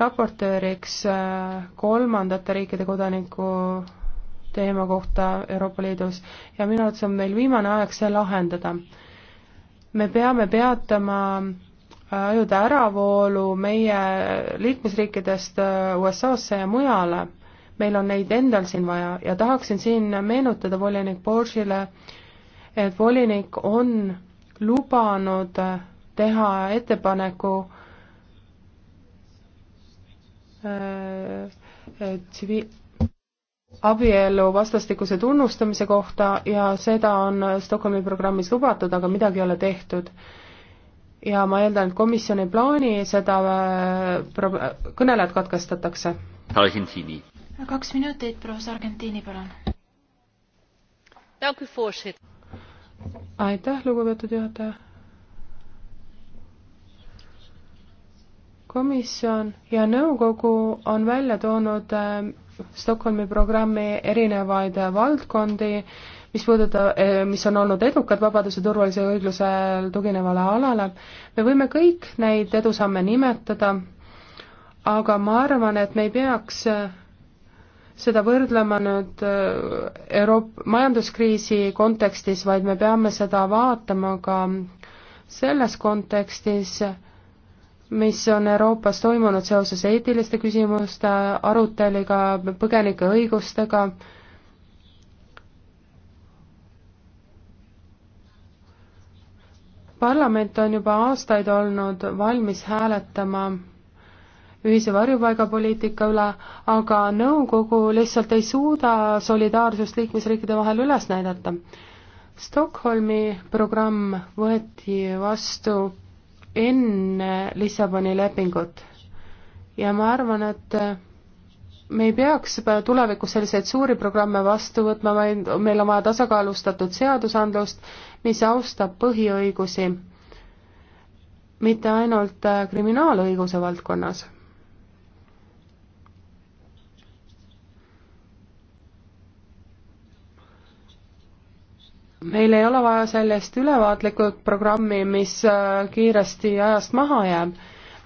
[SPEAKER 3] raportööriks äh, kolmandate riikide kodaniku teema kohta Euroopa Liidus ja minu arvates on meil viimane aeg see lahendada. me peame peatama äh, ajude äravoolu meie liikmesriikidest äh, USA-sse ja mujale. meil on neid endal siin vaja ja tahaksin siin meenutada volinik Borgile, et volinik on lubanud teha ettepaneku äh, Äh, äh, tsivi-, abielu vastastikuse tunnustamise kohta ja seda on Stockholmi programmis lubatud, aga midagi ei ole tehtud. ja ma eeldan, et komisjon ei plaani seda äh, pro-, kõnelejad katkestatakse. Argentiini.
[SPEAKER 2] kaks minutit, proua Sargentini, palun.
[SPEAKER 3] aitäh, lugupeetud juhataja komisjon ja nõukogu on välja toonud ähm, Stockholmi programmi erinevaid äh, valdkondi, mis puudutab, äh, mis on olnud edukad vabaduse, turvalise ja õiglusel tuginevale alale. me võime kõik neid edusamme nimetada, aga ma arvan, et me ei peaks äh, seda võrdlema nüüd Euroop-, majanduskriisi kontekstis, vaid me peame seda vaatama ka selles kontekstis, mis on Euroopas toimunud seoses eetiliste küsimuste aruteliga, põgenike õigustega, parlament on juba aastaid olnud valmis hääletama ühise varjupaigapoliitika üle, aga nõukogu lihtsalt ei suuda solidaarsust liikmesriikide vahel üles näidata. Stockholmi programm võeti vastu enne Lissaboni lepingut. ja ma arvan, et me ei peaks tulevikus selliseid suuri programme vastu võtma, vaid meil on vaja tasakaalustatud seadusandlust, mis austab põhiõigusi, mitte ainult kriminaalõiguse valdkonnas. meil ei ole vaja sellist ülevaatlikku programmi, mis äh, kiiresti ajast maha jääb.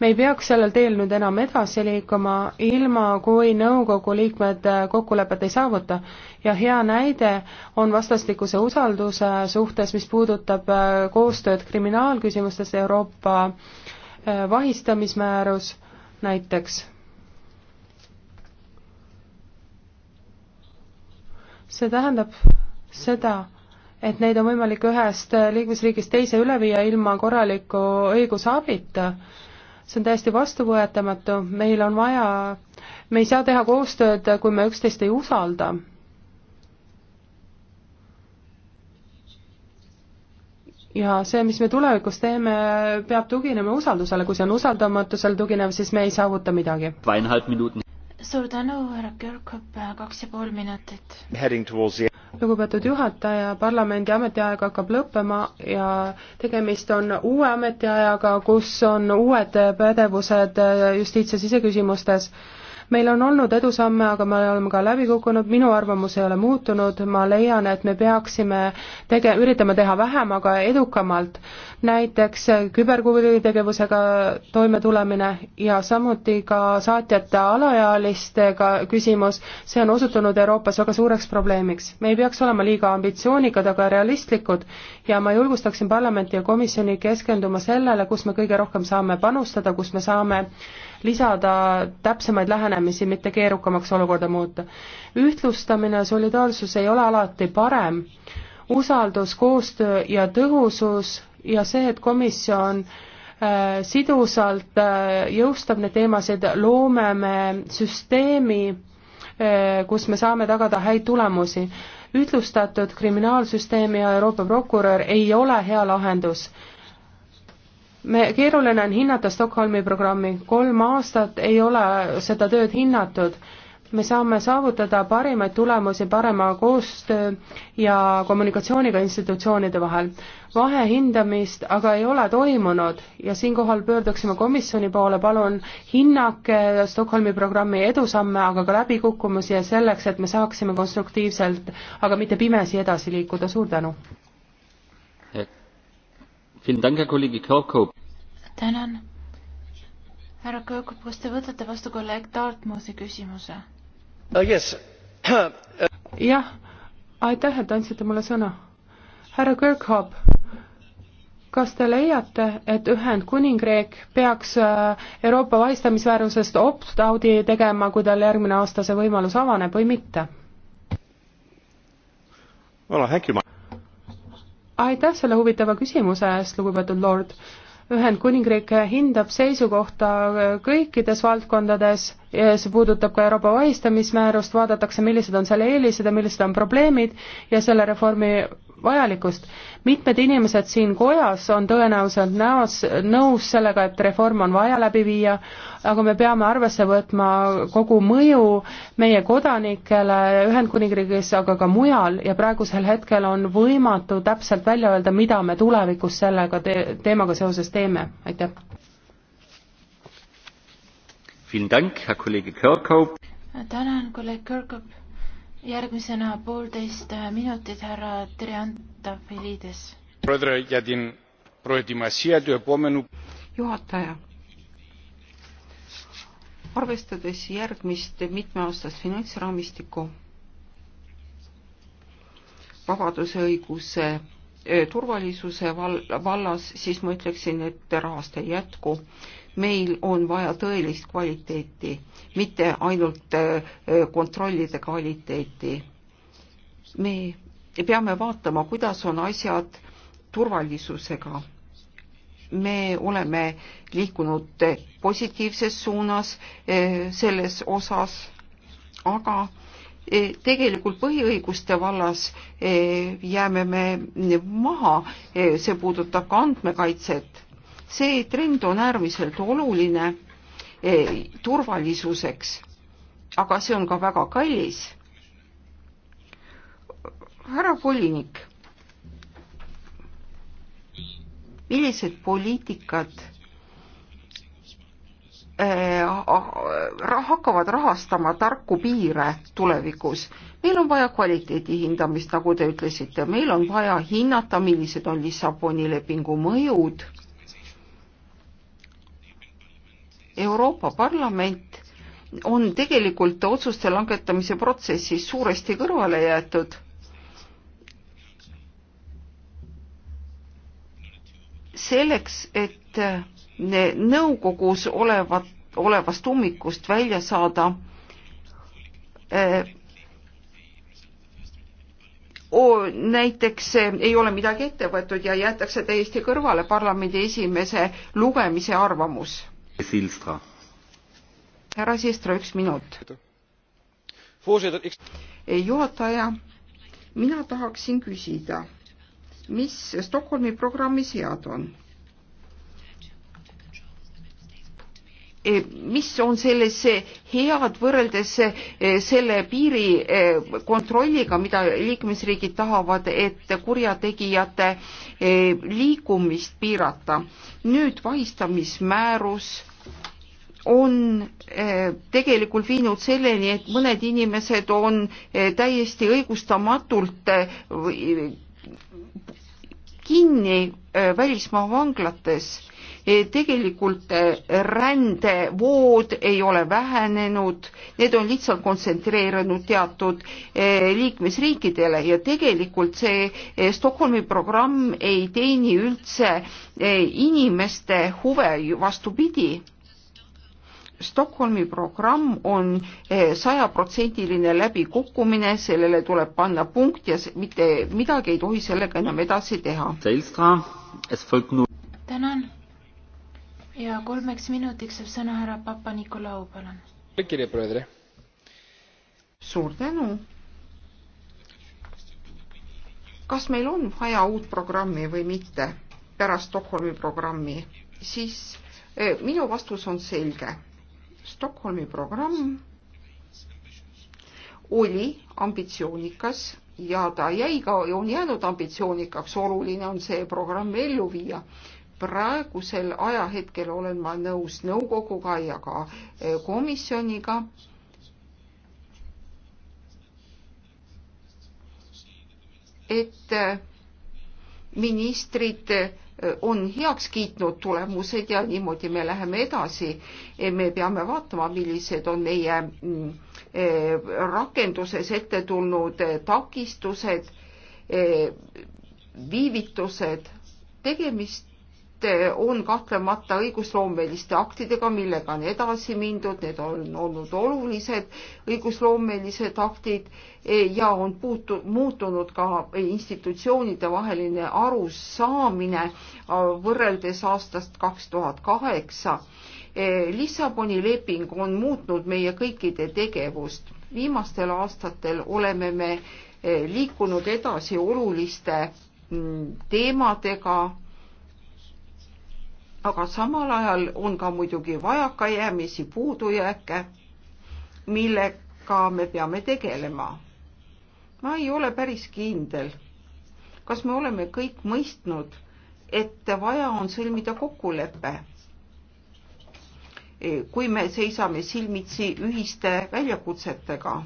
[SPEAKER 3] me ei peaks sellel teel nüüd enam edasi liikuma, ilma kui nõukogu liikmed äh, kokkulepet ei saavuta. ja hea näide on vastastikuse usalduse suhtes, mis puudutab äh, koostööd kriminaalküsimustes Euroopa vahistamismäärus näiteks. see tähendab seda et neid on võimalik ühest liikmesriigist teise üle viia ilma korraliku õigusabita. see on täiesti vastuvõetamatu, meil on vaja, me ei saa teha koostööd, kui me üksteist ei usalda. ja see, mis me tulevikus teeme, peab tuginema usaldusele, kui see on usaldamatusel tuginev, siis me ei saavuta midagi.
[SPEAKER 2] suur tänu, härra Kirkup, kaks ja pool
[SPEAKER 1] minutit
[SPEAKER 3] lugupeetud juhataja, parlamendi ametiaeg hakkab lõppema ja tegemist on uue ametiajaga, kus on uued pädevused justiits- ja siseküsimustes meil on olnud edusamme, aga me oleme ka läbi kukkunud, minu arvamus ei ole muutunud, ma leian, et me peaksime tege-, üritama teha vähem, aga edukamalt. näiteks küberkuritegevusega toimetulemine ja samuti ka saatjate alaealistega küsimus, see on osutunud Euroopas väga suureks probleemiks. me ei peaks olema liiga ambitsioonikad, aga realistlikud ja ma julgustaksin parlamenti ja komisjoni keskenduma sellele, kus me kõige rohkem saame panustada, kus me saame lisada täpsemaid lähenemisi, mitte keerukamaks olukorda muuta. ühtlustamine ja solidaarsus ei ole alati parem, usaldus, koostöö ja tõhusus ja see, et komisjon äh, sidusalt äh, jõustab neid teemasid, loome me süsteemi äh,, kus me saame tagada häid tulemusi. ühtlustatud kriminaalsüsteem ja Euroopa prokurör ei ole hea lahendus me, keeruline on hinnata Stockholmi programmi, kolm aastat ei ole seda tööd hinnatud. me saame saavutada parimaid tulemusi parema koostöö ja kommunikatsiooniga institutsioonide vahel. vahehindamist aga ei ole toimunud ja siinkohal pöörduksime komisjoni poole, palun hinnake Stockholmi programmi edusamme, aga ka läbikukkumisi ja selleks, et me saaksime konstruktiivselt, aga mitte pimesi edasi liikuda, suur tänu!
[SPEAKER 2] tänan. härra Kirkhoop, kas te võtate vastu kolleeg
[SPEAKER 3] Dartmouthi küsimuse uh,? Yes. jah, aitäh, et andsite mulle sõna. härra Kirkhoop, kas te leiate, et Ühendkuningriik peaks äh, Euroopa vahistamisväärsusest opt-out'i tegema, kui tal järgmine aasta see võimalus avaneb või mitte? aitäh selle huvitava küsimuse eest, lugupeetud lord. Ühendkuningriik hindab seisukohta kõikides valdkondades, see puudutab ka Euroopa vahistamismäärust, vaadatakse, millised on selle eelised ja millised on probleemid ja selle reformi vajalikust. mitmed inimesed siin kojas on tõenäoliselt näos, nõus sellega, et reform on vaja läbi viia, aga me peame arvesse võtma kogu mõju meie kodanikele Ühendkuningriigis, aga ka mujal ja praegusel hetkel on võimatu täpselt välja öelda, mida me tulevikus sellega te teemaga seoses teeme, aitäh.
[SPEAKER 2] tänan, kolleeg Kirkhope järgmisena poolteist minutit härra Triantafilides. juhataja, arvestades
[SPEAKER 4] järgmist mitmeaastast finantsraamistikku, vabaduseõiguse turvalisuse vallas, siis ma ütleksin, et rahast ei jätku meil on vaja tõelist kvaliteeti, mitte ainult äh, kontrollide kvaliteeti. me peame vaatama, kuidas on asjad turvalisusega. me oleme liikunud positiivses suunas äh, selles osas, aga äh, tegelikult põhiõiguste vallas jääme me maha, see puudutab ka andmekaitset see trend on äärmiselt oluline e, turvalisuseks, aga see on ka väga kallis. härra volinik, millised poliitikad e, hakkavad rahastama tarku piire tulevikus. meil on vaja kvaliteedi hindamist, nagu te ütlesite, meil on vaja hinnata, millised on Lissaboni lepingu mõjud Euroopa Parlament on tegelikult otsuste langetamise protsessis suuresti kõrvale jäetud. selleks, et nõukogus olevat, olevast ummikust välja saada, äh, O, näiteks äh, ei ole midagi ette võetud ja jäetakse täiesti kõrvale parlamendi esimese lugemise arvamus härra Sistra, üks minut. juhataja, mina tahaksin küsida, mis Stockholmi programmis head on? Eh, mis on selles eh, head võrreldes eh, selle piiri kontrolliga, mida liikmesriigid tahavad, et kurjategijate liikumist piirata. nüüd vahistamismäärus on tegelikult viinud selleni, et mõned inimesed on täiesti õigustamatult kinni välismaa vanglates E, tegelikult e, rändevood ei ole vähenenud, need on lihtsalt kontsentreerunud teatud e, liikmesriikidele ja tegelikult see Stockholmi programm ei teeni üldse inimeste huve, vastupidi Stockholmi programm on sajaprotsendiline läbikukkumine, sellele tuleb panna punkt ja mitte midagi ei tohi sellega enam edasi teha.
[SPEAKER 2] tänan ja kolmeks minutiks saab sõna härra Papa-Nikolau,
[SPEAKER 5] palun. suur tänu.
[SPEAKER 4] kas meil on vaja uut programmi või mitte pärast Stockholmi programmi, siis eh, minu vastus on selge. Stockholmi programm oli ambitsioonikas ja ta jäi ka, on jäänud ambitsioonikaks, oluline on see programm ellu viia praegusel ajahetkel olen ma nõus nõukoguga ja ka eh, komisjoniga. et eh, ministrid eh, on heaks kiitnud tulemused ja niimoodi me läheme edasi. me peame vaatama, millised on meie mm, rakenduses ette tulnud takistused, viivitused, tegemist on kahtlemata õigusloomeliste aktidega, millega on edasi mindud, need on olnud olulised õigusloomelised aktid eh, ja on puutu-, muutunud ka institutsioonide vaheline arusaamine ah, võrreldes aastast kaks tuhat kaheksa. Eh, Lissaboni leping on muutnud meie kõikide tegevust. viimastel aastatel oleme me eh, liikunud edasi oluliste mm, teemadega aga samal ajal on ka muidugi vajakajäämisi, puudujääke, millega me peame tegelema. ma ei ole päris kindel, kas me oleme kõik mõistnud, et vaja on sõlmida kokkulepe. kui me seisame silmitsi ühiste väljakutsetega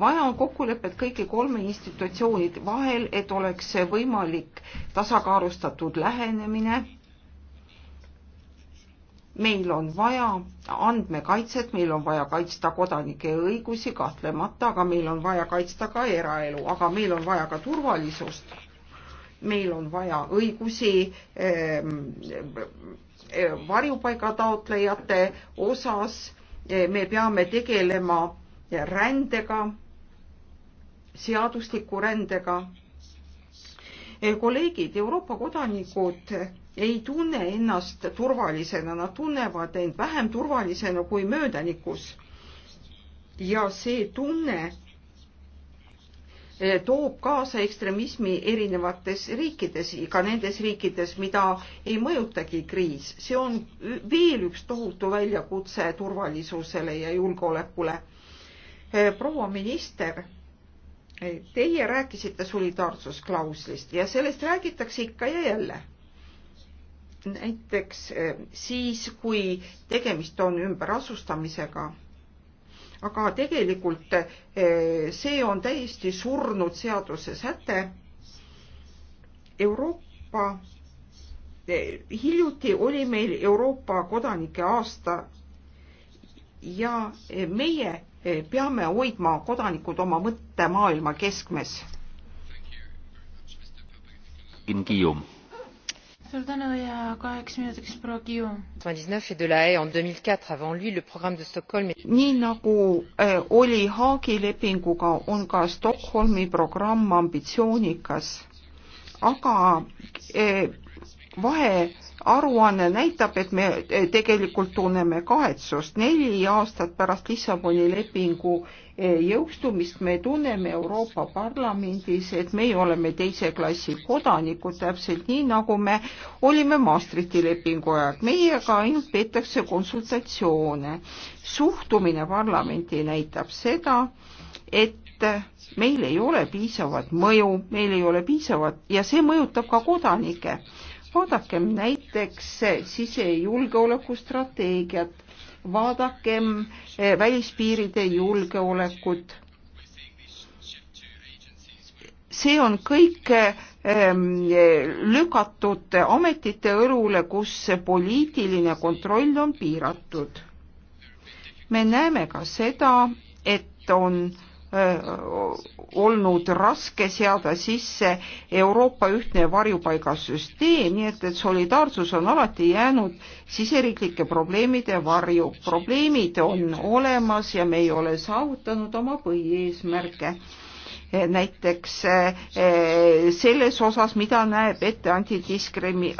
[SPEAKER 4] vaja on kokkulepet kõigi kolme institutsiooni vahel, et oleks võimalik tasakaalustatud lähenemine meil on vaja andmekaitset, meil on vaja kaitsta kodanike õigusi kahtlemata, aga meil on vaja kaitsta ka eraelu, aga meil on vaja ka turvalisust. meil on vaja õigusi ehm, ehm, varjupaiga taotlejate osas, eh, me peame tegelema rändega, seadusliku rändega. Eh, kolleegid, Euroopa kodanikud ei tunne ennast turvalisena, nad tunnevad end vähem turvalisena kui möödanikus. ja see tunne eh, toob kaasa ekstremismi erinevates riikides, ka nendes riikides, mida ei mõjutagi kriis. see on veel üks tohutu väljakutse turvalisusele ja julgeolekule. Eh, proua minister, eh, teie rääkisite solidaarsusklauslist ja sellest räägitakse ikka ja jälle näiteks eh, siis, kui tegemist on ümberasustamisega. aga tegelikult eh, see on täiesti surnud seadusesäte. Euroopa, eh, hiljuti oli meil Euroopa kodanike aasta ja meie peame hoidma kodanikud oma mõttemaailma keskmes.
[SPEAKER 5] Guillaume et de la haye en deux mille quatre avant lui le programme de stockholm. nii
[SPEAKER 4] nagu äh, oli haagi lepinguga on ka stockholmi programm ambitsioonikas aga äh, vahe aruanne näitab, et me eh, tegelikult tunneme kahetsust. neli aastat pärast Lissaboni lepingu eh, jõustumist me tunneme Euroopa Parlamendis, et meie oleme teise klassi kodanikud, täpselt nii, nagu me olime Maastrichti lepingu ajal. meiega ainult peetakse konsultatsioone. suhtumine parlamenti näitab seda, et meil ei ole piisavat mõju, meil ei ole piisavat ja see mõjutab ka kodanikke vaadakem näiteks sisejulgeolekustrateegiat, vaadakem eh, välispiiride julgeolekut. see on kõik ehm, lükatud ametite õlule, kus poliitiline kontroll on piiratud. me näeme ka seda, et on Äh, olnud raske seada sisse Euroopa ühtne varjupaigasüsteem, nii et, et solidaarsus on alati jäänud siseriiklike probleemide varju. probleemid on olemas ja me ei ole saavutanud oma põhieesmärke Eh, näiteks eh, eh, selles osas, mida näeb ette antidiskrimi-,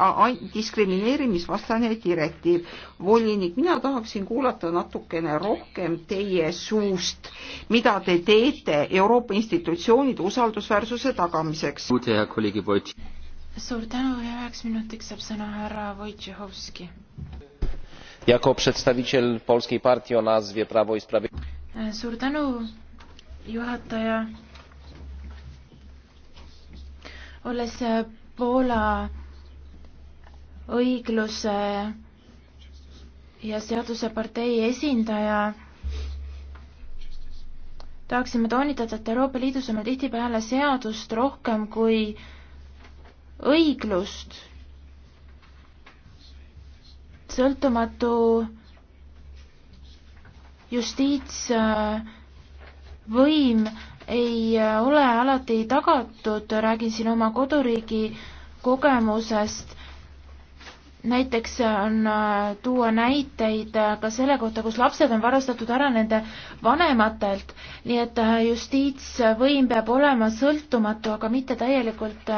[SPEAKER 4] diskrimineerimisvastane direktiiv. volinik, mina tahaksin kuulata natukene rohkem teie suust, mida te teete Euroopa institutsioonide usaldusväärsuse tagamiseks.
[SPEAKER 2] suur tänu ja üheks minutiks saab sõna härra Wojciechowski
[SPEAKER 1] jako przedstawiciel polskiej partii o nazwie prawo i sprawiedliwość
[SPEAKER 2] olles äh, Poola õigluse ja seadusepartei esindaja, tahaksime toonitada, et Euroopa Liidus on meil tihtipeale seadust rohkem kui õiglust. sõltumatu justiitsvõim ei äh, ole alati tagatud, räägin siin oma koduriigi kogemusest. näiteks on äh, tuua näiteid äh, ka selle kohta, kus lapsed on varastatud ära nende vanematelt, nii et justiitsvõim peab olema sõltumatu, aga mitte täielikult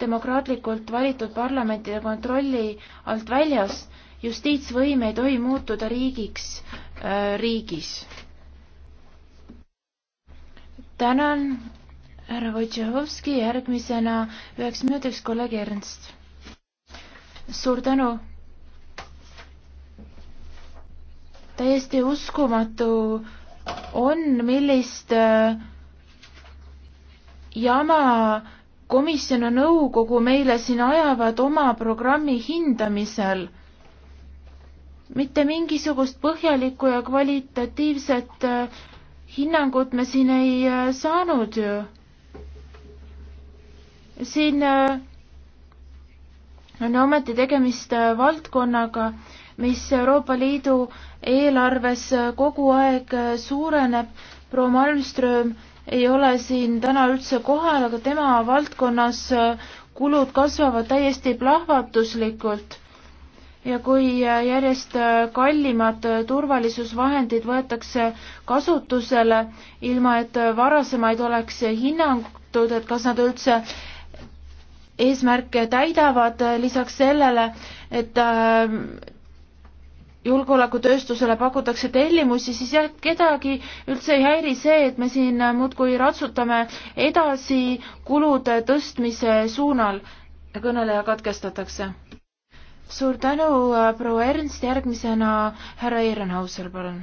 [SPEAKER 2] demokraatlikult valitud parlamentide kontrolli alt väljas. justiitsvõim ei tohi muutuda riigiks äh, riigis tänan, härra Wojtšehovski, järgmisena üheks minutiks kolleeg Ernst. suur tänu. täiesti uskumatu on, millist äh, jama komisjon ja nõukogu meile siin ajavad oma programmi hindamisel. mitte mingisugust põhjalikku ja kvalitatiivset äh, hinnangut me siin ei äh, saanud ju. siin äh, on ometi tegemist äh, valdkonnaga, mis Euroopa Liidu eelarves kogu aeg suureneb. proua Malmström ei ole siin täna üldse kohal, aga tema valdkonnas kulud kasvavad täiesti plahvatuslikult ja kui järjest kallimad turvalisusvahendid võetakse kasutusele, ilma et varasemaid oleks hinnatud, et kas nad üldse eesmärke täidavad, lisaks sellele, et äh, julgeolekutööstusele pakutakse tellimusi, siis jah, kedagi üldse ei häiri see, et me siin muudkui ratsutame edasi kulude tõstmise suunal. kõneleja katkestatakse suur tänu, äh, proua Ernst, järgmisena härra Ehrenhauser, palun.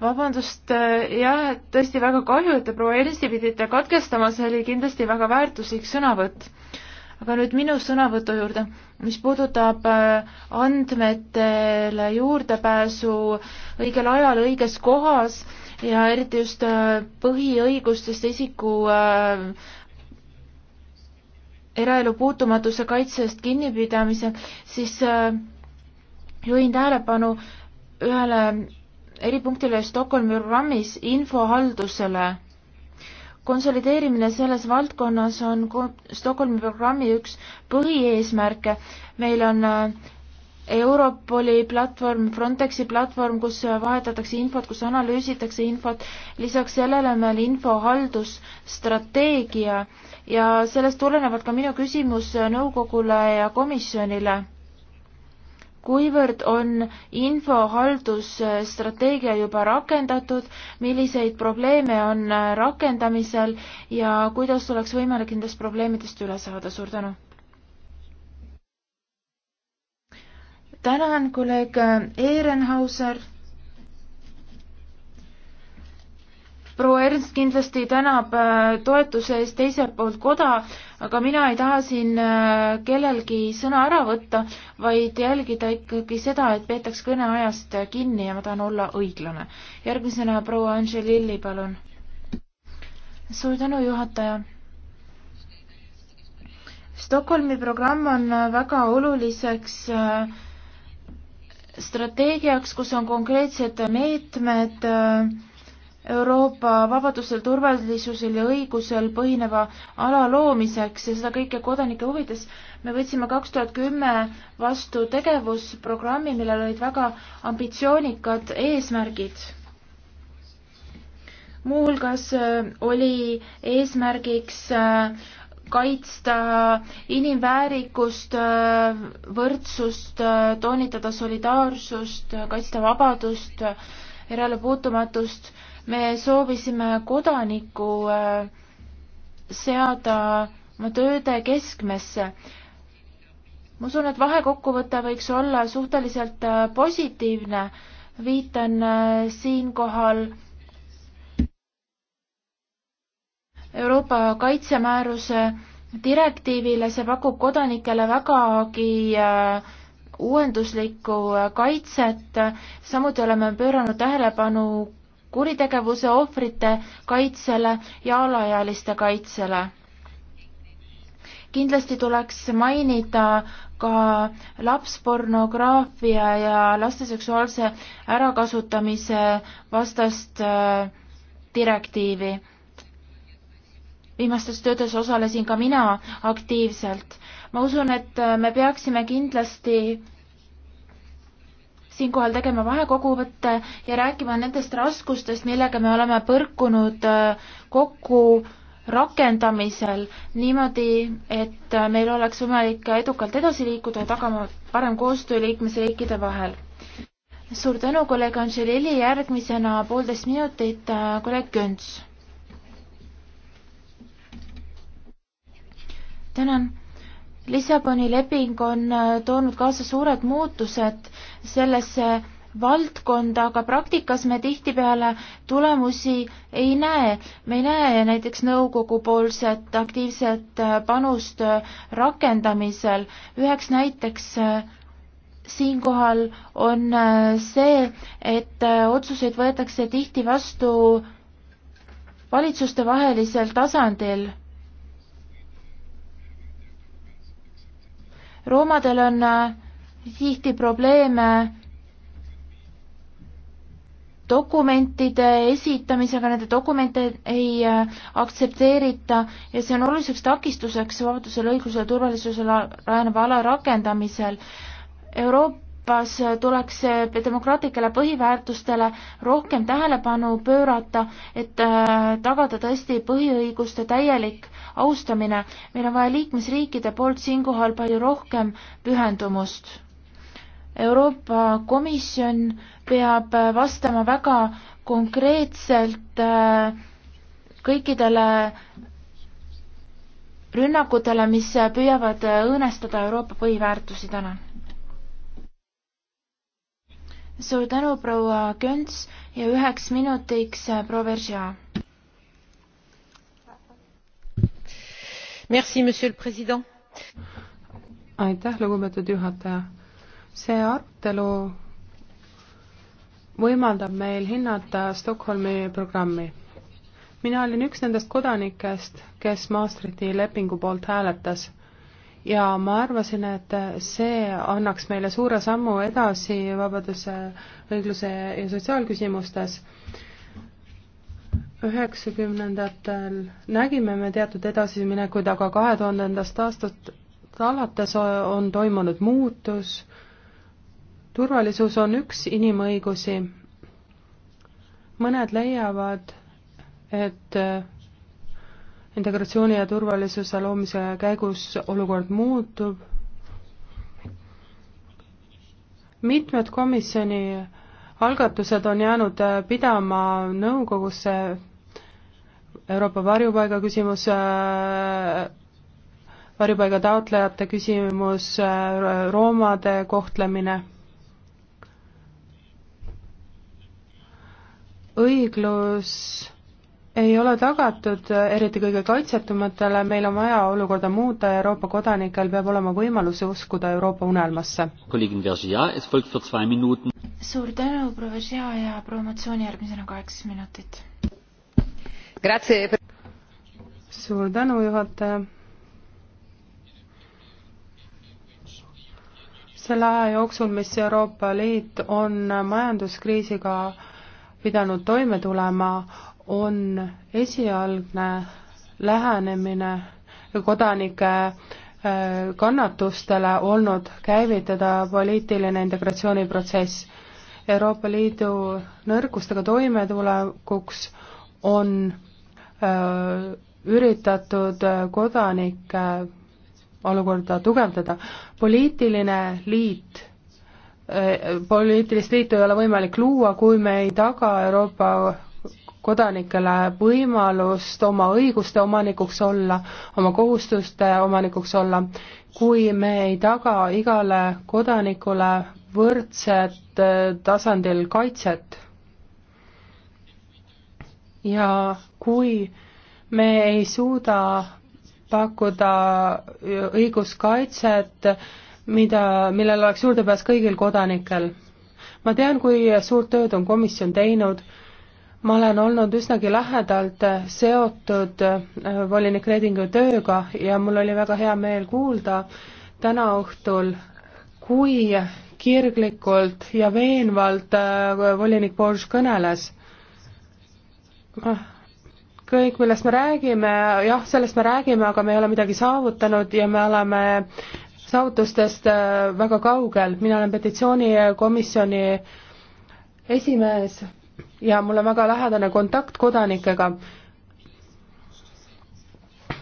[SPEAKER 2] vabandust, äh, jah, et tõesti väga kahju, et te proua Ernsti pidite katkestama, see oli kindlasti väga väärtuslik sõnavõtt. aga nüüd minu sõnavõtu juurde, mis puudutab äh, andmetele juurdepääsu õigel ajal õiges kohas ja eriti just äh, põhiõigustest isiku äh, eraelu puutumatuse kaitsest kinnipidamise, siis äh, juhin tähelepanu ühele eripunktile Stockholmi programmis infohaldusele. konsolideerimine selles valdkonnas on Stockholmi programmi üks põhieesmärke. meil on äh, Europoli platvorm, Frontexi platvorm, kus vahetatakse infot, kus analüüsitakse infot, lisaks sellele on meil infohaldusstrateegia ja sellest tulenevalt ka minu küsimus nõukogule ja komisjonile. kuivõrd on infohaldusstrateegia juba rakendatud, milliseid probleeme on rakendamisel ja kuidas oleks võimalik nendest probleemidest üle saada, suur tänu! tänan, kolleeg Ehrenhauser. proua Ernst kindlasti tänab äh, toetuse eest teiselt poolt koda, aga mina ei taha siin äh, kellelgi sõna ära võtta, vaid jälgida ikkagi seda, et peetaks kõneajast kinni ja ma tahan olla õiglane. järgmisena proua Angelilli, palun. suur tänu, juhataja Stockholmi programm on väga oluliseks äh, strateegiaks, kus on konkreetsed meetmed äh, Euroopa vabadusel, turvalisusel ja õigusel põhineva ala loomiseks ja seda kõike kodanike huvides. me võtsime kaks tuhat kümme vastu tegevusprogrammi, millel olid väga ambitsioonikad eesmärgid. muuhulgas äh, oli eesmärgiks äh, kaitsta inimväärikust, võrdsust, toonitada solidaarsust, kaitsta vabadust, eraelupuutumatust. me soovisime kodaniku äh, seada oma tööde keskmesse. ma usun, et vahekokkuvõte võiks olla suhteliselt äh, positiivne. viitan äh, siinkohal Euroopa kaitsemääruse direktiivile, see pakub kodanikele vägagi äh, uuenduslikku äh, kaitset, samuti oleme pööranud tähelepanu kuritegevuse ohvrite kaitsele ja alaealiste kaitsele. kindlasti tuleks mainida ka lapspornograafia ja laste seksuaalse ärakasutamise vastast äh, direktiivi viimastes töödes osalesin ka mina aktiivselt. ma usun, et äh, me peaksime kindlasti siinkohal tegema vahekokkuvõtte ja rääkima nendest raskustest, millega me oleme põrkunud äh, kokku rakendamisel niimoodi, et äh, meil oleks võimalik edukalt edasi liikuda ja tagama parem koostöö liikmesriikide vahel. suur tänu, kolleeg Anželili, järgmisena poolteist minutit kolleeg Künts tänan. Lissaboni leping on äh, toonud kaasa suured muutused sellesse valdkonda, aga praktikas me tihtipeale tulemusi ei näe. me ei näe näiteks nõukogupoolset aktiivset äh, panust äh, rakendamisel. üheks näiteks siinkohal on see, et otsuseid võetakse tihti vastu valitsustevahelisel tasandil roomadel on äh, tihti probleeme dokumentide esitamisega, nende dokumente ei äh, aktsepteerita ja see on oluliseks takistuseks vabadusele, õiglusele, turvalisusele rajaneva ala rakendamisel. Euroopa Euroopas äh, tuleks äh, demokraatlikele põhiväärtustele rohkem tähelepanu pöörata, et äh, tagada tõesti põhiõiguste täielik austamine. meil on vaja liikmesriikide poolt siinkohal palju rohkem pühendumust. Euroopa Komisjon peab vastama väga konkreetselt kõikidele rünnakutele, mis püüavad õõnestada Euroopa põhiväärtusi täna suur tänu, proua Künts ja üheks minutiks äh, proua Veržia.
[SPEAKER 3] aitäh, lugupeetud juhataja. see arutelu võimaldab meil hinnata Stockholmi programmi. mina olin üks nendest kodanikest, kes Maastrichti lepingu poolt hääletas ja ma arvasin, et see annaks meile suure sammu edasi vabaduse, õigluse ja sotsiaalküsimustes. üheksakümnendatel nägime me teatud edasiminekuid, aga kahe tuhandendast aastast alates on toimunud muutus, turvalisus on üks inimõigusi, mõned leiavad, et integratsiooni ja turvalisuse loomise käigus olukord muutub. mitmed komisjoni algatused on jäänud pidama nõukogusse, Euroopa varjupaiga küsimus, varjupaiga taotlejate küsimus, roomade kohtlemine õiglus ei ole tagatud, äh, eriti kõige kaitsetumatele, meil on vaja olukorda muuta ja Euroopa kodanikel peab olema võimalus uskuda Euroopa unelmasse.
[SPEAKER 2] suur tänu, proua Žea ja promotsiooni järgmisena kaheksa
[SPEAKER 3] minutit. suur tänu, juhataja selle aja jooksul, mis Euroopa Liit on majanduskriisiga pidanud toime tulema, on esialgne lähenemine kodanike äh, kannatustele olnud käivitada poliitiline integratsiooniprotsess. Euroopa Liidu nõrkustega toimetulekuks on äh, üritatud kodanike olukorda tugevdada. poliitiline liit, äh, poliitilist liitu ei ole võimalik luua, kui me ei taga Euroopa kodanikele võimalust oma õiguste omanikuks olla, oma kohustuste omanikuks olla, kui me ei taga igale kodanikule võrdset äh, tasandil kaitset. ja kui me ei suuda pakkuda äh, õiguskaitset, mida, millel oleks juurdepääs kõigil kodanikel. ma tean, kui suurt tööd on komisjon teinud ma olen olnud üsnagi lähedalt seotud äh, volinik Redingu tööga ja mul oli väga hea meel kuulda täna õhtul, kui kirglikult ja veenvalt äh, volinik Borš kõneles ah, kõik, millest me räägime, jah, sellest me räägime, aga me ei ole midagi saavutanud ja me oleme saavutustest äh, väga kaugel. mina olen petitsioonikomisjoni esimees ja mul on väga lähedane kontakt kodanikega.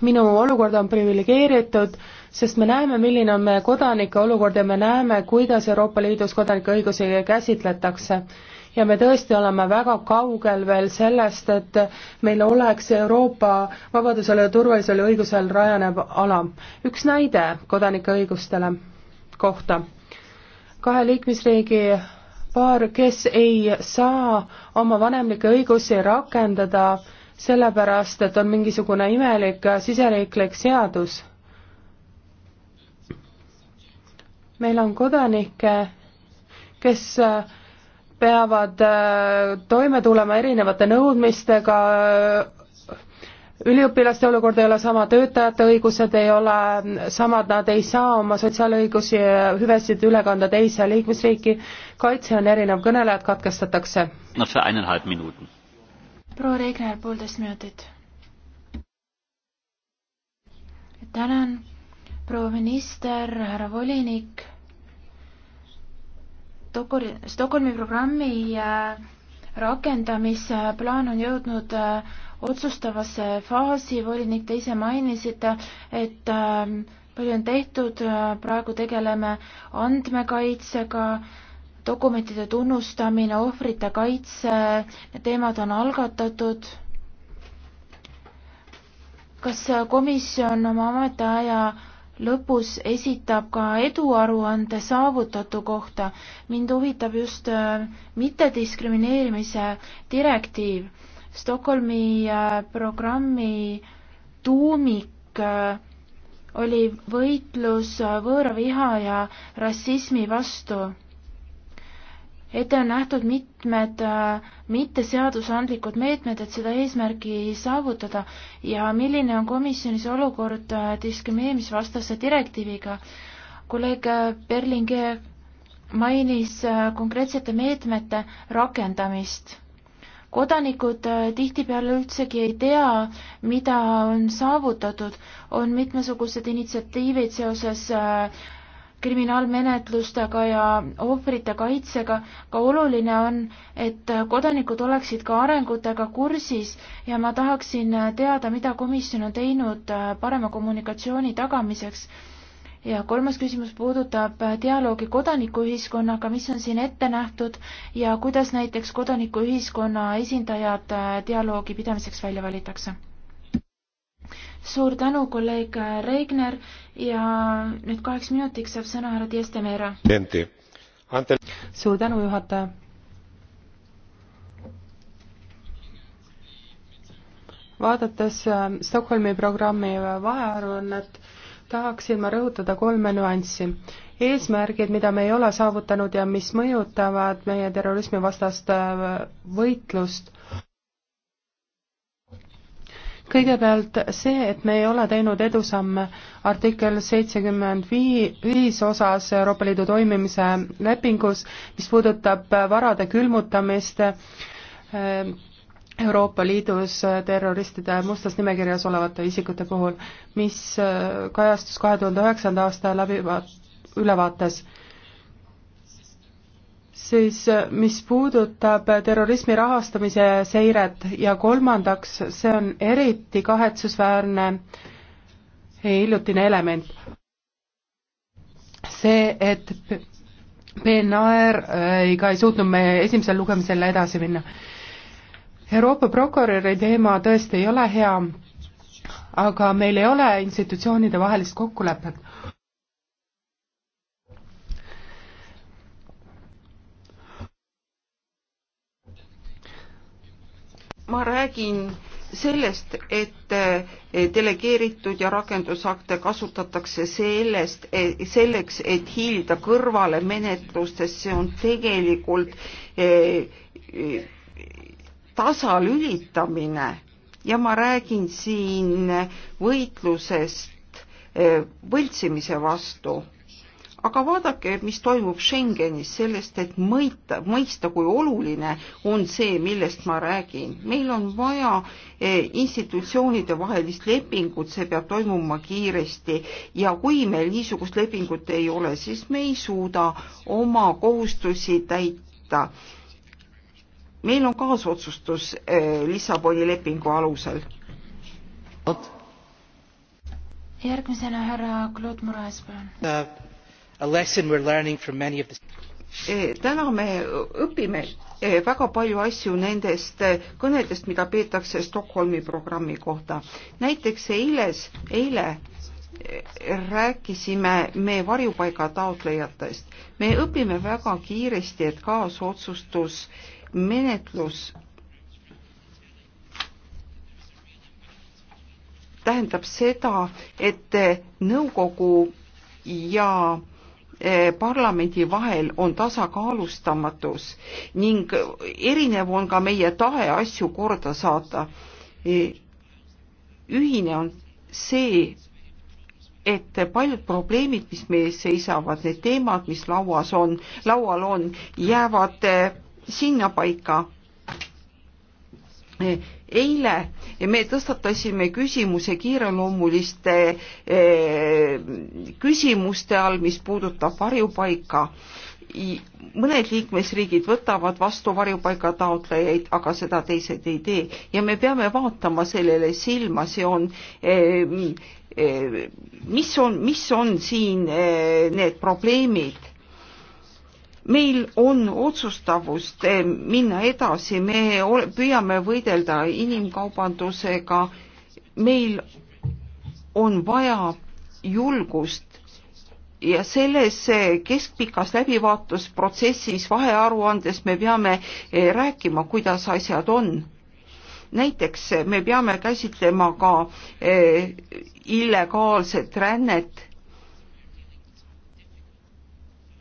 [SPEAKER 3] minu olukord on priviligeeritud, sest me näeme, milline on meie kodanike olukord ja me näeme, kuidas Euroopa Liidus kodanike õigusi käsitletakse. ja me tõesti oleme väga kaugel veel sellest, et meil oleks Euroopa vabadusele ja turvalisele õigusel rajanev ala. üks näide kodanike õigustele kohta. kahe liikmesriigi paar, kes ei saa oma vanemlikke õigusi rakendada sellepärast, et on mingisugune imelik siseriiklik seadus. meil on kodanikke, kes peavad äh, toime tulema erinevate nõudmistega, üliõpilaste olukord ei ole sama, töötajate õigused ei ole samad, nad ei saa oma sotsiaalõigusi ja hüvesid üle kanda teise liikmesriiki, kaitse on erinev, kõnelejad katkestatakse.
[SPEAKER 2] proua Regner, poolteist minutit. tänan, proua minister, härra volinik. Stockholmi programmi äh, rakendamisplaan on jõudnud äh, otsustavasse faasi, volinik, te ise mainisite, et ähm, palju on tehtud, äh, praegu tegeleme andmekaitsega, dokumentide tunnustamine, ohvrite kaitse, need teemad on algatatud. kas äh, komisjon oma ametiaja lõpus esitab ka eduaruande saavutatu kohta. mind huvitab just äh, mittediskrimineerimise direktiiv. Stockholmi äh, programmi tuumik äh, oli võitlus äh, võõraviha ja rassismi vastu. ette on nähtud mitmed mitteseadusandlikud meetmed, et seda eesmärgi saavutada ja milline on komisjonis olukord diskrimineerimisvastase direktiiviga. kolleeg Berlingi mainis konkreetsete meetmete rakendamist kodanikud äh, tihtipeale üldsegi ei tea, mida on saavutatud, on mitmesugused initsiatiivid seoses äh, kriminaalmenetlustega ja ohvrite kaitsega, aga oluline on, et kodanikud oleksid ka arengutega kursis ja ma tahaksin äh, teada, mida komisjon on teinud parema kommunikatsiooni tagamiseks ja kolmas küsimus puudutab äh, dialoogi kodanikuühiskonnaga, mis on siin ette nähtud ja kuidas näiteks kodanikuühiskonna esindajad äh, dialoogi pidamiseks välja valitakse? suur tänu, kolleeg äh, Regner ja nüüd kaheks minutiks saab sõna härra Diestemera.
[SPEAKER 3] suur tänu, juhataja. vaadates Stockholmi programmi vahearuannet, tahaksin ma rõhutada kolme nüanssi. eesmärgid, mida me ei ole saavutanud ja mis mõjutavad meie terrorismivastast äh, võitlust. kõigepealt see, et me ei ole teinud edusamme artikkel seitsekümmend viis osas Euroopa Liidu toimimise lepingus, mis puudutab varade külmutamist äh, Euroopa Liidus äh, terroristide mustas nimekirjas olevate isikute puhul, mis äh, kajastus kahe tuhande üheksanda aasta läbi ülevaates. siis äh, mis puudutab terrorismi rahastamise seiret ja kolmandaks, see on eriti kahetsusväärne hiljutine element. see, et PNR äh, ka ei suutnud me esimesel lugemisel edasi minna Euroopa prokuröri teema tõesti ei ole hea, aga meil ei ole institutsioonide vahelist kokkulepet.
[SPEAKER 4] ma räägin sellest, et eh, delegeeritud ja rakendusakte kasutatakse sellest, eh, selleks, et hiilida kõrvale menetlustest, see on tegelikult eh, tasalülitamine ja ma räägin siin võitlusest eh, võltsimise vastu. aga vaadake, mis toimub Schengenis, sellest, et mõita, mõista, kui oluline on see, millest ma räägin. meil on vaja eh, institutsioonide vahelist lepingut, see peab toimuma kiiresti ja kui meil niisugust lepingut ei ole, siis me ei suuda oma kohustusi täita kohta meil on kaasotsustus eh, Lissaboni lepingu alusel.
[SPEAKER 2] järgmisena härra Claude Moraes, palun.
[SPEAKER 4] Uh, eh, täna me õpime eh, väga palju asju nendest kõnedest, mida peetakse Stockholmi programmi kohta. näiteks eiles, eile rääkisime me varjupaiga taotlejatest. me õpime väga kiiresti, et kaasotsustus äh, menetlus tähendab seda, et nõukogu ja eh, parlamendi vahel on tasakaalustamatus ning erinev on ka meie tahe asju korda saada. Eh, ühine on see, et paljud probleemid, mis meie ees seisavad, need teemad, mis lauas on, laual on, jäävad eh, sinnapaika. eile me tõstatasime küsimuse kiireloomuliste eh, küsimuste all, mis puudutab varjupaika mõned liikmesriigid võtavad vastu varjupaiga taotlejaid, aga seda teised ei tee ja me peame vaatama sellele silma, see on eh, eh, mis on, mis on siin eh, need probleemid meil on otsustavust eh, minna edasi, me püüame võidelda inimkaubandusega, meil on vaja julgust ja selles eh, keskpikas läbivaatusprotsessis, vahearuandes me peame eh, rääkima, kuidas asjad on. näiteks me peame käsitlema ka illegaalset rännet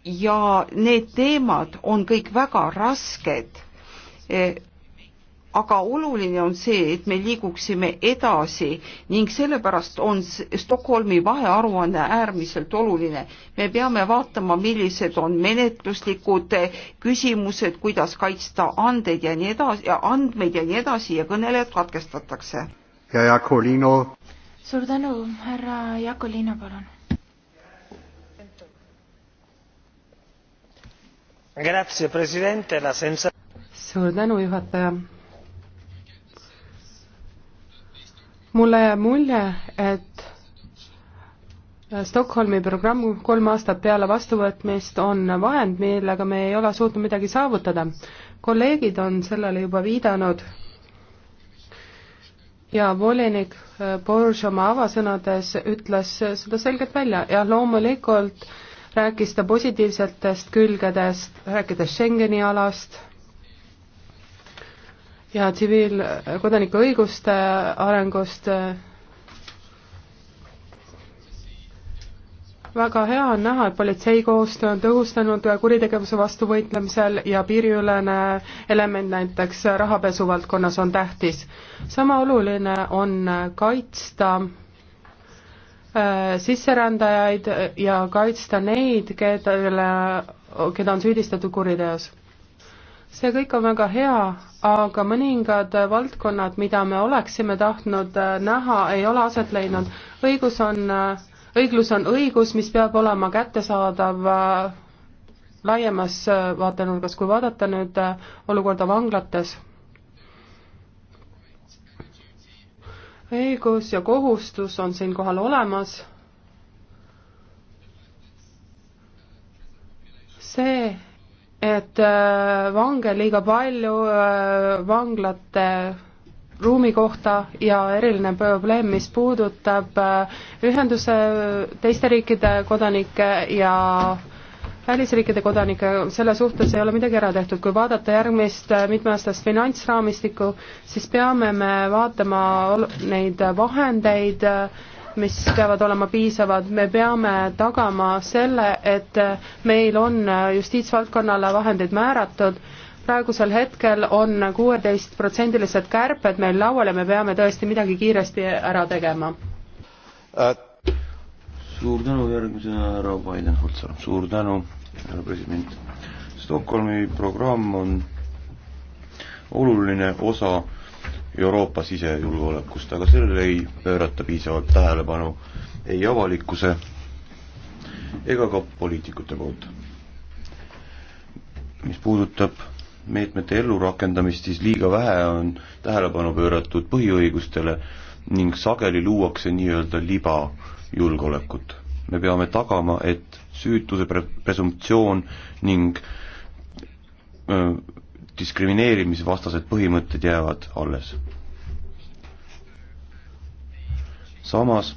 [SPEAKER 4] ja need teemad on kõik väga rasked. E, aga oluline on see, et me liiguksime edasi ning sellepärast on Stockholmi vahearuanne äärmiselt oluline. me peame vaatama, millised on menetluslikud küsimused, kuidas kaitsta andeid ja nii edasi, andmeid ja nii edasi ja kõnelejad katkestatakse.
[SPEAKER 5] ja Jakolino.
[SPEAKER 2] suur tänu, härra
[SPEAKER 3] Jakolino, palun suur tänu, juhataja. mulle jääb mulje, et Stockholmi programm kolm aastat peale vastuvõtmist on vahend, millega me ei ole suutnud midagi saavutada. kolleegid on sellele juba viidanud ja volinik Borž oma avasõnades ütles seda selgelt välja ja loomulikult äh, rääkis ta positiivsetest külgedest, rääkides Schengeni alast ja tsiviilkodanike õiguste arengust. väga hea on näha, et politsei koostöö on tõhustanud kuritegevuse vastu võitlemisel ja piiriülene element näiteks rahapesu valdkonnas on tähtis. sama oluline on kaitsta Äh, sisserändajaid ja kaitsta neid, kellele, keda on süüdistatud kuriteos. see kõik on väga hea, aga mõningad valdkonnad, mida me oleksime tahtnud äh, näha, ei ole aset leidnud. õigus on, äh, õiglus on õigus, mis peab olema kättesaadav laiemas vaatenurgas, kui vaadata nüüd olukorda vanglates õigus ja kohustus on siinkohal olemas, see, et äh, vange liiga palju äh, vanglate ruumi kohta ja eriline probleem, mis puudutab äh, ühenduse teiste riikide kodanikke ja välisriikide kodanike, selle suhtes ei ole midagi ära tehtud, kui vaadata järgmist äh, mitmeaastast finantsraamistikku, siis peame me vaatama neid vahendeid, äh, mis peavad olema piisavad, me peame tagama selle, et äh, meil on justiitsvaldkonnale vahendeid määratud, praegusel hetkel on kuueteistprotsendilised kärped meil laual ja me peame tõesti midagi kiiresti ära tegema
[SPEAKER 1] uh suur tänu, järgmisena härra Weidenholzer, suur tänu, härra president. Stockholmi programm on oluline osa Euroopa sisejulgeolekust, aga sellele ei pöörata piisavalt tähelepanu ei avalikkuse ega ka poliitikute poolt. mis puudutab meetmete ellurakendamist, siis liiga vähe on tähelepanu pööratud põhiõigustele ning sageli luuakse nii-öelda liba julgeolekut. me peame tagama, et süütuse pre-, presumptsioon ning öö, diskrimineerimisvastased põhimõtted jäävad alles. samas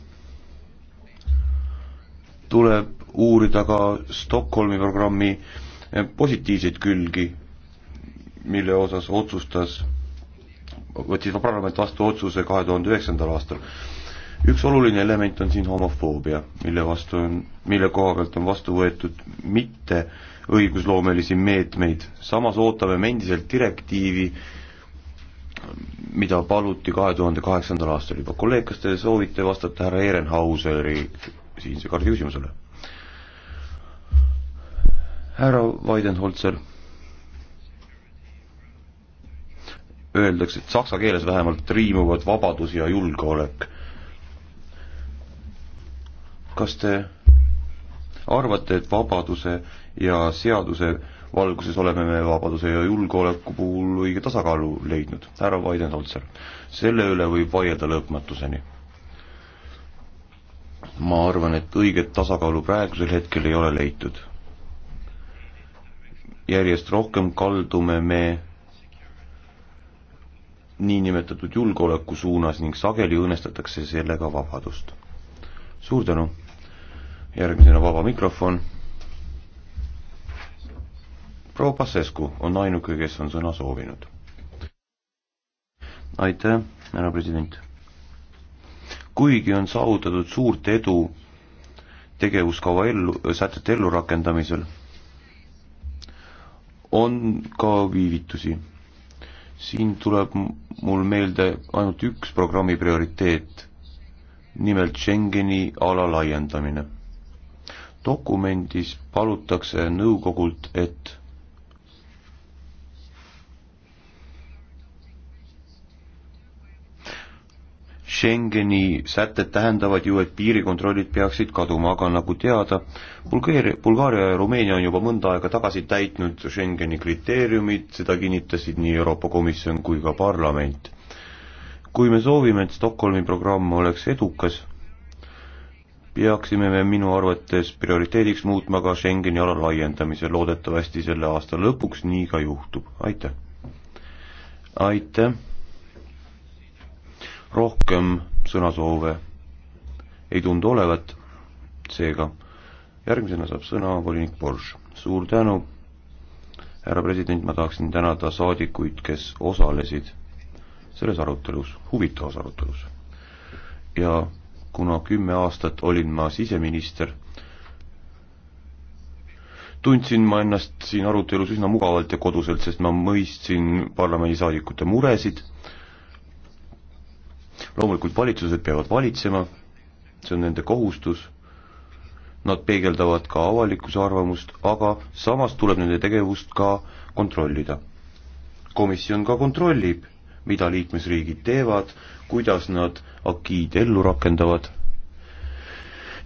[SPEAKER 1] tuleb uurida ka Stockholmi programmi positiivseid külgi, mille osas otsustas, võttis parlament vastu otsuse kahe tuhande üheksandal aastal üks oluline element on siin homofoobia, mille vastu on, mille koha pealt on vastu võetud mitte õigusloomelisi meetmeid, samas ootame me endiselt direktiivi, mida paluti kahe tuhande kaheksandal aastal juba. kolleeg, kas te soovite vastata härra Ehrenhauseri siinse kaardi küsimusele? härra Weidenholzer, öeldakse, et saksa keeles vähemalt riimuvad vabadus ja julgeolek kas te arvate, et vabaduse ja seaduse valguses oleme me vabaduse ja julgeoleku puhul õige tasakaalu leidnud, härra Weidenholzer. selle üle võib vaielda lõpmatuseni. ma arvan, et õiget tasakaalu praegusel hetkel ei ole leitud. järjest rohkem kaldume me niinimetatud julgeoleku suunas ning sageli õõnestatakse sellega vabadust. suur tänu! järgmisena vaba mikrofon. proua Pasescu on ainuke, kes on sõna soovinud. aitäh, härra president. kuigi on saavutatud suurt edu tegevuskava ellu, sätete ellurakendamisel, on ka viivitusi. siin tuleb mul meelde ainult üks programmi prioriteet, nimelt Schengeni ala laiendamine dokumendis palutakse nõukogult, et Schengeni sätted tähendavad ju, et piirikontrollid peaksid kaduma, aga nagu teada, Bulgaaria, Bulgaaria ja Rumeenia on juba mõnda aega tagasi täitnud Schengeni kriteeriumid, seda kinnitasid nii Euroopa Komisjon kui ka parlament. kui me soovime, et Stockholmi programm oleks edukas, peaksime me minu arvates prioriteediks muutma ka Schengeni ala laiendamise, loodetavasti selle aasta lõpuks nii ka juhtub, aitäh. aitäh. rohkem sõnasoove ei tundu olevat, seega järgmisena saab sõna volinik Borš, suur tänu, härra president, ma tahaksin tänada saadikuid, kes osalesid selles arutelus, huvitavas arutelus ja kuna kümme aastat olin ma siseminister, tundsin ma ennast siin arutelus üsna mugavalt ja koduselt, sest ma mõistsin parlamendisaadikute muresid, loomulikult valitsused peavad valitsema, see on nende kohustus, nad peegeldavad ka avalikkuse arvamust, aga samas tuleb nende tegevust ka kontrollida. komisjon ka kontrollib, mida liikmesriigid teevad, kuidas nad akiid ellu rakendavad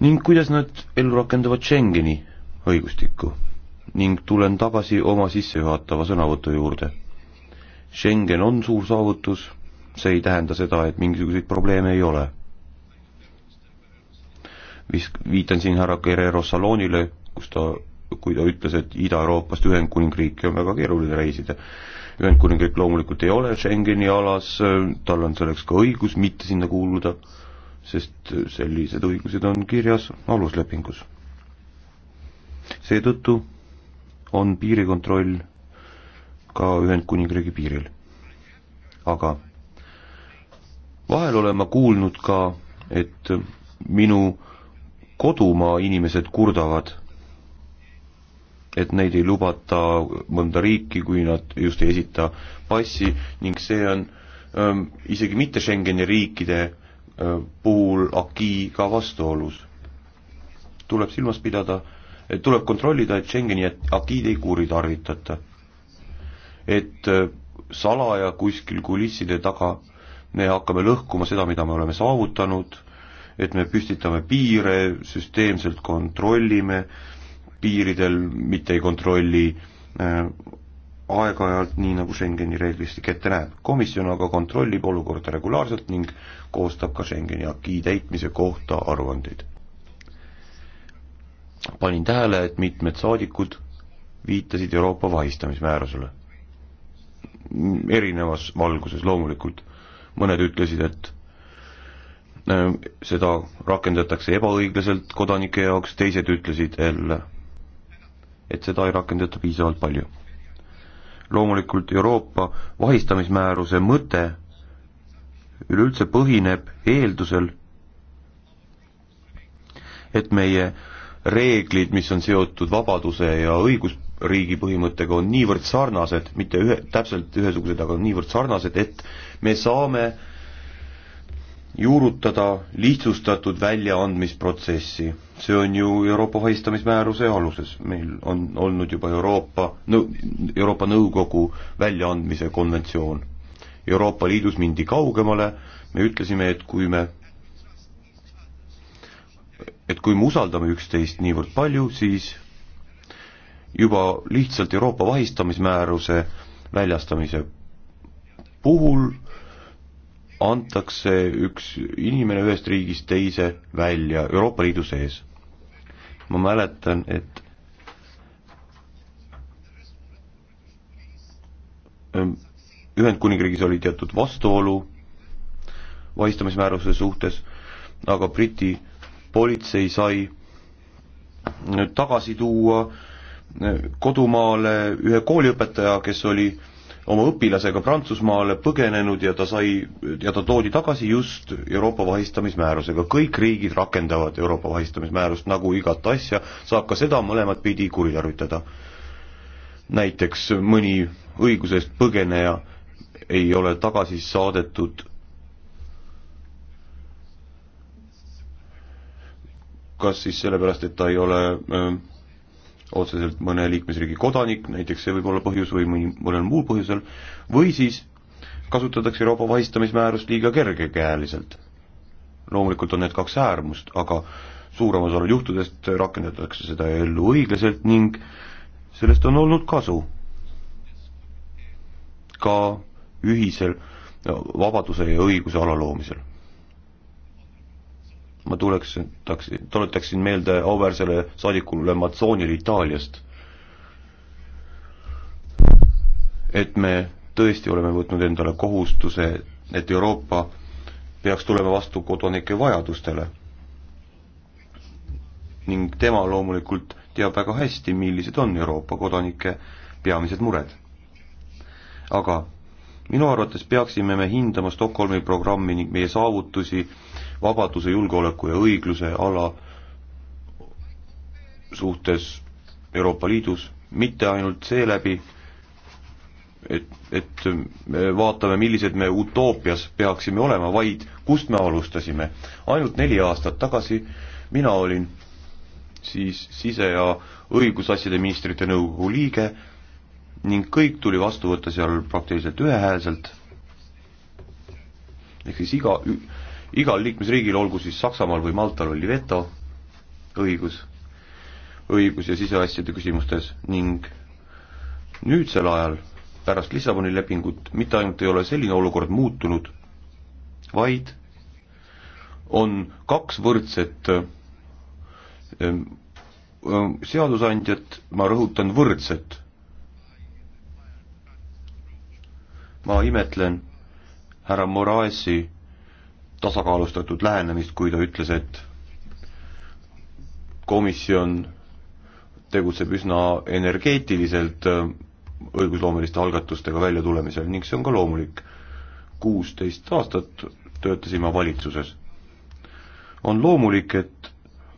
[SPEAKER 1] ning kuidas nad ellu rakendavad Schengeni õigustikku ning tulen tagasi oma sissejuhatava sõnavõtu juurde. Schengen on suur saavutus, see ei tähenda seda, et mingisuguseid probleeme ei ole. Vis-, viitan siin härra Guerrero Salonile, kus ta, kui ta ütles, et Ida-Euroopast Ühendkuningriiki on väga keeruline reisida Ühendkuningriik loomulikult ei ole Schengeni alas, tal on selleks ka õigus mitte sinna kuuluda, sest sellised õigused on kirjas aluslepingus. seetõttu on piirikontroll ka Ühendkuningriigi piiril. aga vahel olen ma kuulnud ka, et minu kodumaa inimesed kurdavad et neid ei lubata mõnda riiki, kui nad just ei esita passi ning see on ähm, isegi mitte Schengeni riikide äh, puhul akiiga vastuolus. tuleb silmas pidada, et tuleb kontrollida, et Schengeni akiid ei kuritarvitata. et äh, salaja kuskil kulisside taga me hakkame lõhkuma seda, mida me oleme saavutanud, et me püstitame piire, süsteemselt kontrollime äh, piiridel, mitte ei kontrolli äh, aeg-ajalt, nii nagu Schengeni reeglistik ette näeb. komisjon aga kontrollib olukorda regulaarselt ning koostab ka Schengeni akii täitmise kohta aruandeid. panin tähele, et mitmed saadikud viitasid Euroopa vahistamismäärusele. erinevas valguses loomulikult. mõned ütlesid, et äh, seda rakendatakse ebaõiglaselt kodanike jaoks, teised ütlesid jälle et seda ei rakendata piisavalt palju. loomulikult Euroopa vahistamismääruse mõte üleüldse põhineb eeldusel, et meie reeglid, mis on seotud vabaduse ja õigusriigi põhimõttega, on niivõrd sarnased, mitte ühe, täpselt ühesugused, aga niivõrd sarnased, et me saame äh, juurutada lihtsustatud väljaandmisprotsessi. see on ju Euroopa vahistamismääruse aluses, meil on olnud juba Euroopa Nõu-, Euroopa Nõukogu väljaandmise konventsioon. Euroopa Liidus mindi kaugemale, me ütlesime, et kui me, et kui me usaldame üksteist niivõrd palju, siis juba lihtsalt Euroopa vahistamismääruse väljastamise puhul antakse üks inimene ühest riigist teise välja Euroopa Liidu sees. ma mäletan, et ähm, Ühendkuningriigis oli teatud vastuolu vahistamismääruse suhtes, aga Briti politsei sai äh, tagasi tuua äh, kodumaale ühe kooliõpetaja, kes oli oma õpilasega Prantsusmaale põgenenud ja ta sai, ja ta toodi tagasi just Euroopa vahistamismäärusega. kõik riigid rakendavad Euroopa vahistamismäärust nagu igat asja, saab ka seda mõlemat pidi kuritarvitada. näiteks mõni õigusest põgeneja ei ole tagasi saadetud kas siis sellepärast, et ta ei ole öö, ähm, otseselt mõne liikmesriigi kodanik, näiteks see võib olla põhjus või mõni, mõnel muul põhjusel, või siis kasutatakse Euroopa vahistamismäärust liiga kergekäeliselt. loomulikult on need kaks äärmust, aga suuremal osal juhtudest rakendatakse seda ellu õiglaselt ning sellest on olnud kasu. ka ühisel vabaduse ja õiguse alaloomisel ma tuleks, tuletaksin meelde auväärsele saadikule Matsoonile Itaaliast, et me tõesti oleme võtnud endale kohustuse, et Euroopa peaks tulema vastu kodanike vajadustele. ning tema loomulikult teab väga hästi, millised on Euroopa kodanike peamised mured. aga minu arvates peaksime me hindama Stockholmi programmi ning meie saavutusi vabaduse, julgeoleku ja õigluse ala suhtes Euroopa Liidus, mitte ainult seeläbi, et, et me vaatame, millised me utoopias peaksime olema, vaid kust me alustasime. ainult neli aastat tagasi mina olin siis sise- ja õigusasjade ministrite nõukogu liige ning kõik tuli vastu võtta seal praktiliselt ühehäälselt, ehk siis iga, igal liikmesriigil, olgu siis Saksamaal või Maltal, oli veto õigus, õigus ja siseasjade küsimustes ning nüüdsel ajal, pärast Lissaboni lepingut, mitte ainult ei ole selline olukord muutunud, vaid on kaks võrdset ehm, ehm, seadusandjat, ma rõhutan, võrdset ma imetlen härra Moraesi tasakaalustatud lähenemist, kui ta ütles, et komisjon tegutseb üsna energeetiliselt äh, õigusloomeliste algatustega väljatulemisel ning see on ka loomulik. kuusteist aastat töötasin ma valitsuses. on loomulik, et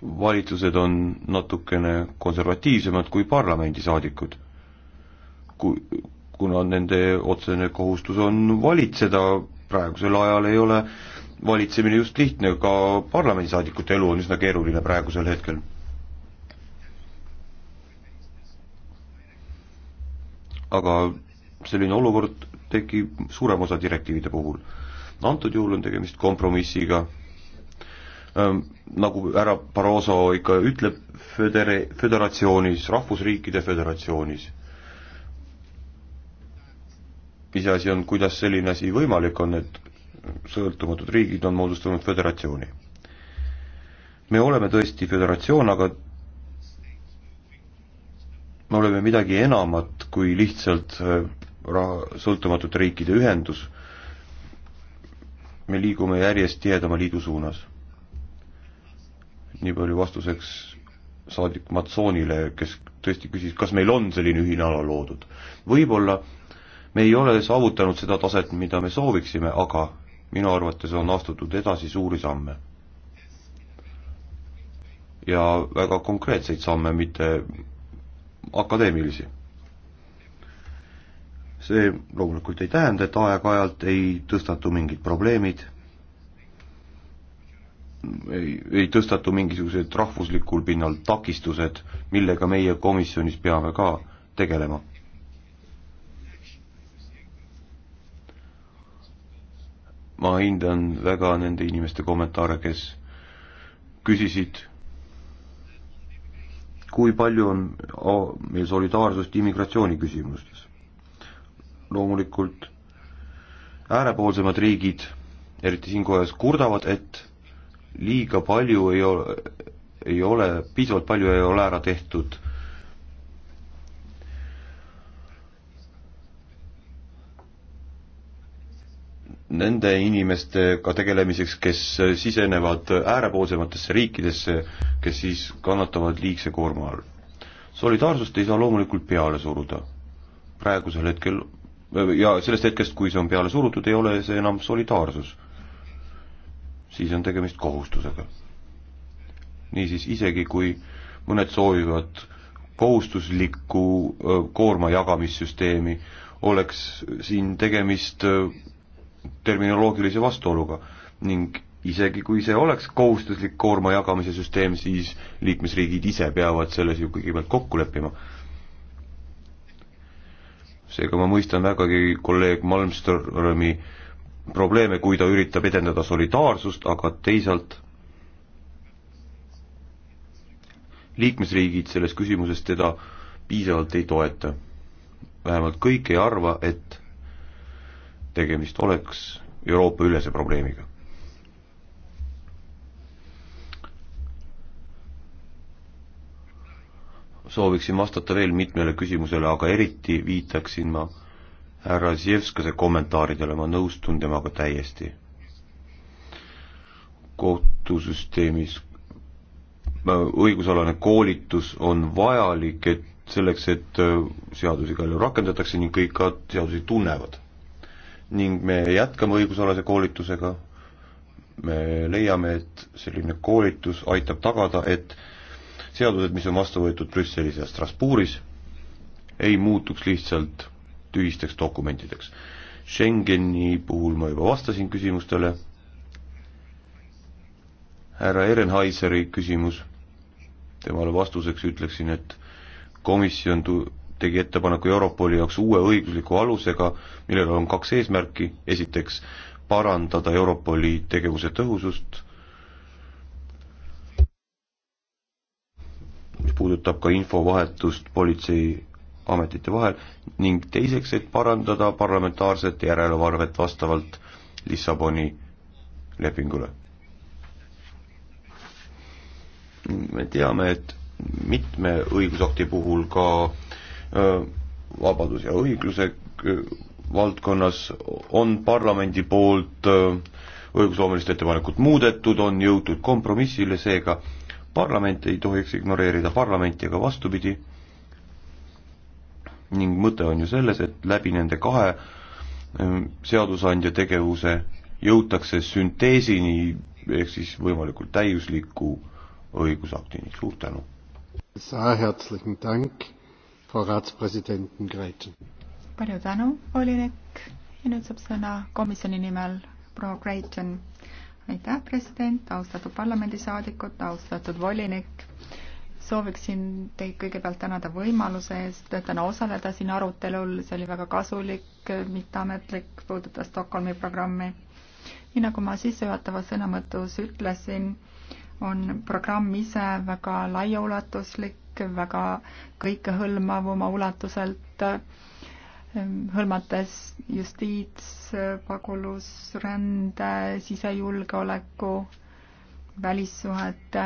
[SPEAKER 1] valitsused on natukene konservatiivsemad kui parlamendisaadikud. kui, kuna nende otsene kohustus on valitseda, praegusel ajal ei ole valitsemine just lihtne, ka parlamendisaadikute elu on üsna keeruline praegusel hetkel. aga selline olukord tekib suurem osa direktiivide puhul. antud juhul on tegemist kompromissiga, ehm, nagu härra Barroso ikka ütleb, födere-, föderatsioonis, rahvusriikide föderatsioonis iseasi on, kuidas selline asi võimalik on, et sõltumatud riigid on moodustanud föderatsiooni. me oleme tõesti föderatsioon, aga me oleme midagi enamat kui lihtsalt äh, raha, sõltumatute riikide ühendus, me liigume järjest tihedama liidu suunas. nii palju vastuseks saadik Matsoonile, kes tõesti küsis, kas meil on selline ühine ala loodud. võib-olla me ei ole saavutanud seda taset, mida me sooviksime, aga minu arvates on astutud edasi suuri samme. ja väga konkreetseid samme, mitte akadeemilisi. see loomulikult ei tähenda, et aeg-ajalt ei tõstatu mingid probleemid, ei, ei tõstatu mingisugused rahvuslikul pinnal takistused, millega meie komisjonis peame ka tegelema ma hindan väga nende inimeste kommentaare, kes küsisid, kui palju on meil solidaarsust immigratsiooni küsimustes. loomulikult äärepoolsemad riigid, eriti siinkohas, kurdavad, et liiga palju ei ole, ei ole, piisavalt palju ei ole ära tehtud nende inimestega tegelemiseks, kes sisenevad äärepoolsematesse riikidesse, kes siis kannatavad liigse koorma all. solidaarsust ei saa loomulikult peale suruda. praegusel hetkel ja sellest hetkest, kui see on peale surutud, ei ole see enam solidaarsus. siis on tegemist kohustusega. niisiis, isegi kui mõned soovivad kohustuslikku koorma jagamissüsteemi, oleks siin tegemist terminoloogilise vastuoluga ning isegi kui see oleks kohustuslik koorma jagamise süsteem, siis liikmesriigid ise peavad selles ju kõigepealt kokku leppima. seega ma mõistan vägagi kolleeg Malmströmi probleeme, kui ta üritab edendada solidaarsust, aga teisalt liikmesriigid selles küsimuses teda piisavalt ei toeta. vähemalt kõik ei arva, et tegemist oleks Euroopa-ülese probleemiga. sooviksin vastata veel mitmele küsimusele, aga eriti viitaksin ma härra Zjevskase kommentaaridele, ma nõustun temaga täiesti. kohtusüsteemis õigusalane koolitus on vajalik, et selleks, et äh, seadusi ka ellu rakendatakse ning kõik ka seadusi tunnevad ning me jätkame õigusalase koolitusega. me leiame, et selline koolitus aitab tagada, et seadused, mis on vastu võetud Brüsselis ja Strasbourgis, ei muutuks lihtsalt tühisteks dokumentideks. Schengeni puhul ma juba vastasin küsimustele, härra Ehrenhaiseri küsimus, temale vastuseks ütleksin, et komisjon tu-, tegi ettepaneku Europoli jaoks uue õigusliku alusega, millel on kaks eesmärki, esiteks parandada Europoli tegevuse tõhusust, mis puudutab ka infovahetust politseiametite vahel, ning teiseks, et parandada parlamentaarset järelevalvet vastavalt Lissaboni lepingule. me teame, et mitme õigusakti puhul ka Äh, vabadus ja õigluse äh, valdkonnas on parlamendi poolt äh, õigusloomelist ettepanekut muudetud, on jõutud kompromissile, seega parlament ei tohiks ignoreerida parlamenti, aga vastupidi, ning mõte on ju selles, et läbi nende kahe seadusandja tegevuse jõutakse sünteesini ehk siis võimalikult täiusliku õigusaktini, suur tänu! Frau Ratspräsidenten Gräten.
[SPEAKER 5] palju tänu, volinik ja nüüd saab sõna komisjoni nimel proua Gräten. aitäh, president, austatud parlamendisaadikud, austatud volinik sooviksin teid kõigepealt tänada võimaluse eest täna osaleda siin arutelul, see oli väga kasulik, mitteametlik, puudutas Stockholmi programmi. nii nagu ma sissejuhatavas sõnavõtus ütlesin, on programm ise väga laiaulatuslik, ettepanek väga kõikehõlmav oma ulatuselt, hõlmates justiits, pagulusrände, sisejulgeoleku, välissuhete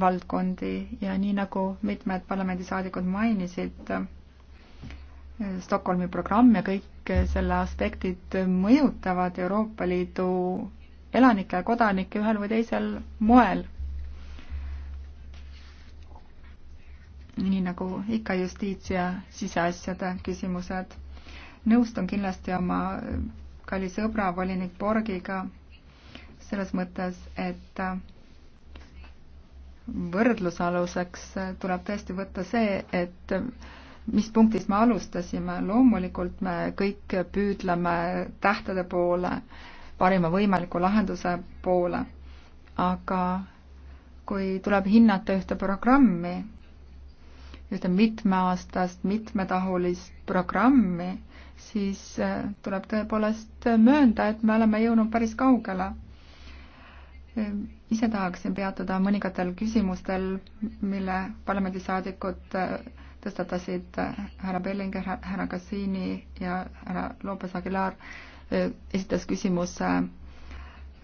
[SPEAKER 5] valdkondi ja nii nagu mitmed parlamendisaadikud mainisid, Stockholmi programm ja kõik selle aspektid mõjutavad Euroopa Liidu elanikke ja kodanikke ühel või teisel moel nii nagu ikka justiits- ja siseasjade küsimused. nõustun kindlasti oma kalli sõbra, volinik Borgiga selles mõttes, et võrdlusaluseks tuleb tõesti võtta see, et mis punktist me alustasime, loomulikult me kõik püüdleme tähtede poole, parima võimaliku lahenduse poole, aga kui tuleb hinnata ühte programmi, ühte mitmeaastast mitmetahulist programmi, siis äh, tuleb tõepoolest möönda, et me oleme jõudnud päris kaugele. ise tahaksin peatuda mõningatel küsimustel, mille parlamendisaadikud äh, tõstatasid äh, härra Bellinger, härra Kassiini ja härra Lopez Aguilar esitas küsimuse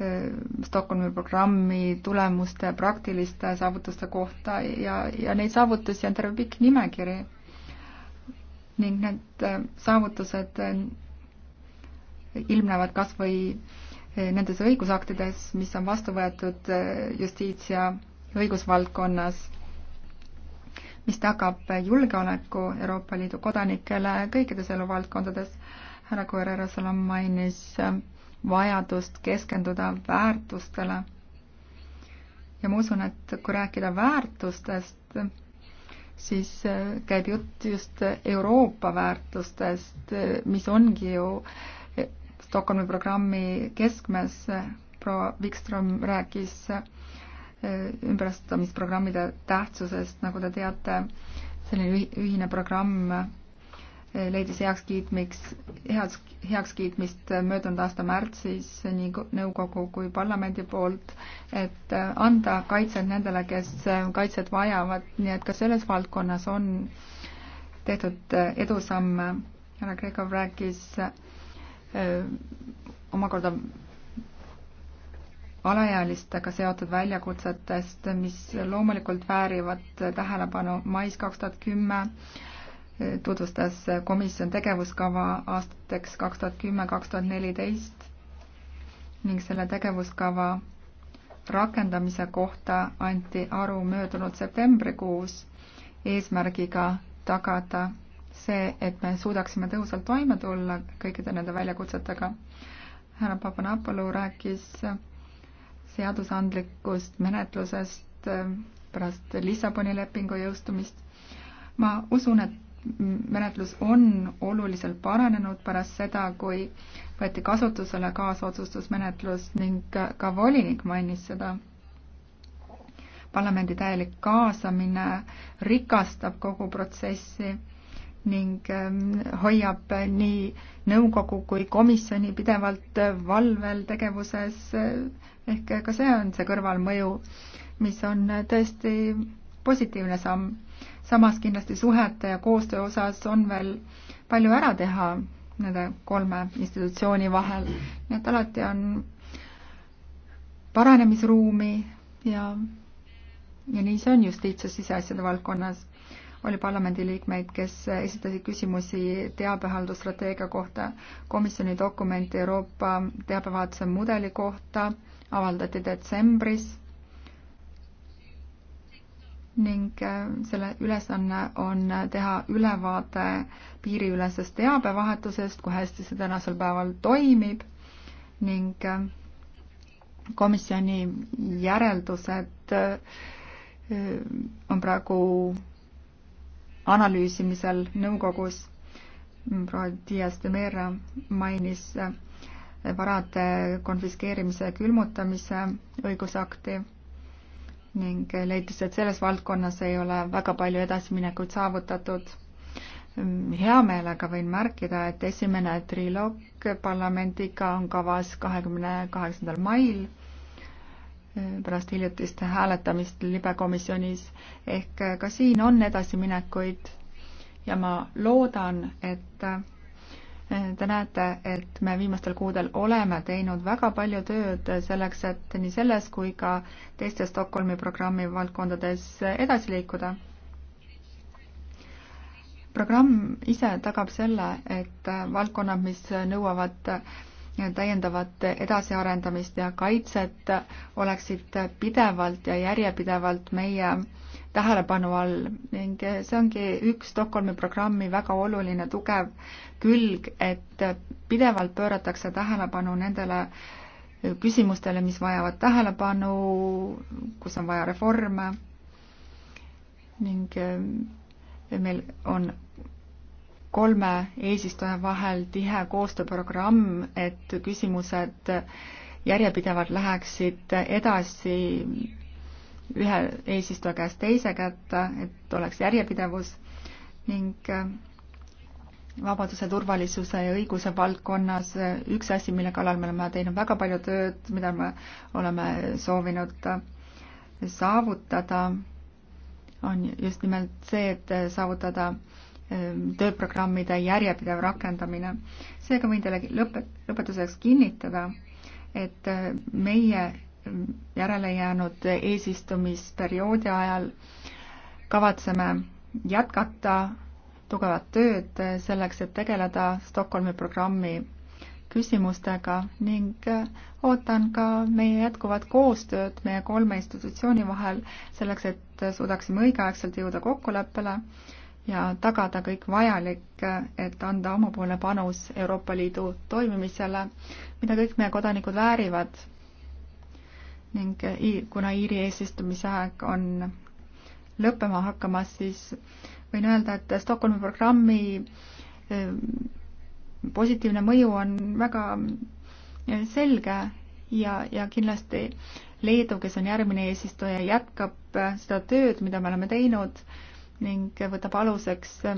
[SPEAKER 5] Eh, Stockholmi programmi tulemuste, praktiliste saavutuste kohta ja, ja neid saavutusi on terve pikk nimekiri. ning need eh, saavutused eh, ilmnevad kas või nendes õigusaktides, mis on vastu võetud justiits- ja õigusvaldkonnas, mis tagab julgeoleku Euroopa Liidu kodanikele kõikides eluvaldkondades. härra Koer-Järvesalam mainis äh, vajadust keskenduda väärtustele. ja ma usun, et kui rääkida väärtustest, siis äh, käib jutt just Euroopa väärtustest, mis ongi ju äh, Stockholmi programmi keskmes. proua Wikström rääkis äh, ümberasustamisprogrammide tähtsusest, nagu te teate, selline ühine programm leidis heakskiitmiks, heaks, heakskiitmist möödunud aasta märtsis nii nõukogu kui parlamendi poolt, et anda kaitset nendele, kes kaitset vajavad, nii et ka selles valdkonnas on tehtud edusamme. härra Kreekov rääkis öö, äh, omakorda alaealistega seotud väljakutsetest, mis loomulikult väärivad tähelepanu mais kaks tuhat kümme tutvustas komisjon tegevuskava aastateks kaks tuhat kümme, kaks tuhat neliteist ning selle tegevuskava rakendamise kohta anti aru möödunud septembrikuus eesmärgiga tagada see, et me suudaksime tõhusalt toime tulla kõikide nende väljakutsetega. härra Papanapolu rääkis seadusandlikust menetlusest pärast Lissaboni lepingu jõustumist. ma usun, et menetlus on oluliselt paranenud pärast seda, kui võeti kasutusele kaasotsustusmenetlus ning ka volinik mainis seda. parlamendi täielik kaasamine rikastab kogu protsessi ning ähm, hoiab nii nõukogu kui komisjoni pidevalt valvel tegevuses, ehk ka see on see kõrvalmõju, mis on tõesti positiivne samm samas kindlasti suhete ja koostöö osas on veel palju ära teha nende kolme institutsiooni vahel, nii et alati on paranemisruumi ja, ja nii see on justiits- ja siseasjade valdkonnas. oli parlamendiliikmeid, kes esitasid küsimusi teabehaldusstrateegia kohta, komisjoni dokumenti Euroopa teabevahetuse mudeli kohta avaldati detsembris ning äh, selle ülesanne on teha ülevaade piiriülesest teabevahetusest, kui hästi see tänasel päeval toimib ning äh, komisjoni järeldused äh, on praegu analüüsimisel nõukogus. proua Dias de Mera mainis varade konfiskeerimise ja külmutamise õigusakti ning leidis, et selles valdkonnas ei ole väga palju edasiminekuid saavutatud. hea meelega võin märkida, et esimene triloog parlamendiga on kavas kahekümne kaheksandal mail pärast hiljutist hääletamist libekomisjonis ehk ka siin on edasiminekuid ja ma loodan, et Te näete, et me viimastel kuudel oleme teinud väga palju tööd selleks, et nii selles kui ka teistes Stockholmi programmi valdkondades edasi liikuda. programm ise tagab selle, et valdkonnad, mis nõuavad täiendavat edasiarendamist ja kaitset, oleksid pidevalt ja järjepidevalt meie tähelepanu all ning see ongi üks Stockholmi programmi väga oluline tugev külg, et pidevalt pööratakse tähelepanu nendele küsimustele, mis vajavad tähelepanu, kus on vaja reforme ning eh, meil on kolme eesistuja vahel tihe koostööprogramm, et küsimused järjepidevalt läheksid edasi ühe eesistuja käest teise kätte, et oleks järjepidevus ning äh, vabaduse, turvalisuse ja õiguse valdkonnas äh, üks asi, mille kallal me oleme teinud väga palju tööd, mida me oleme soovinud äh, saavutada, on just nimelt see, et saavutada ähm, tööprogrammide järjepidev rakendamine. seega võin teile lõpet-, lõpetuseks kinnitada, et meie järele jäänud eesistumisperioodi ajal kavatseme jätkata tugevat tööd selleks, et tegeleda Stockholmi programmi küsimustega ning ootan ka meie jätkuvat koostööd meie kolme institutsiooni vahel selleks, et suudaksime õigeaegselt jõuda kokkuleppele ja tagada kõik vajalik, et anda omapoolne panus Euroopa Liidu toimimisele, mida kõik meie kodanikud väärivad ning kuna Iiri eesistumise aeg on lõppema hakkamas, siis võin öelda, et Stockholmi programmi ehm, positiivne mõju on väga e, selge ja, ja kindlasti Leedu, kes on järgmine eesistuja, jätkab e, seda tööd, mida me oleme teinud ning võtab aluseks e,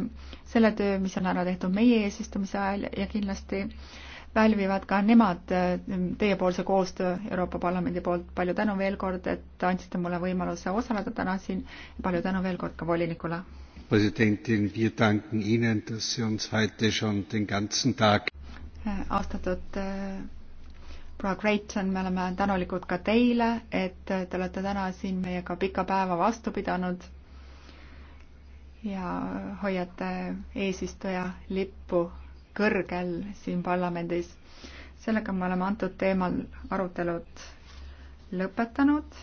[SPEAKER 5] selle töö, mis on ära tehtud meie eesistumise ajal ja kindlasti äh, pälvivad ka nemad äh, teiepoolse koostöö Euroopa Parlamendi poolt. palju tänu veel kord, et andsite mulle võimaluse osaleda täna siin. palju tänu veel kord ka volinikule. presidentin, wir danken
[SPEAKER 1] Ihnen, dass Sie uns heute schon den ganzen Tag
[SPEAKER 5] äh, austatud äh, proua Creighton, me oleme tänulikud ka teile, et te olete täna siin meiega pika päeva vastu pidanud ja hoiate eesistuja lippu kõrgel siin parlamendis. sellega me oleme antud teemal arutelud lõpetanud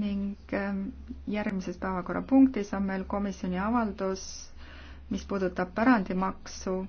[SPEAKER 5] ning ähm, järgmises päevakorrapunktis on meil komisjoni avaldus, mis puudutab pärandimaksu.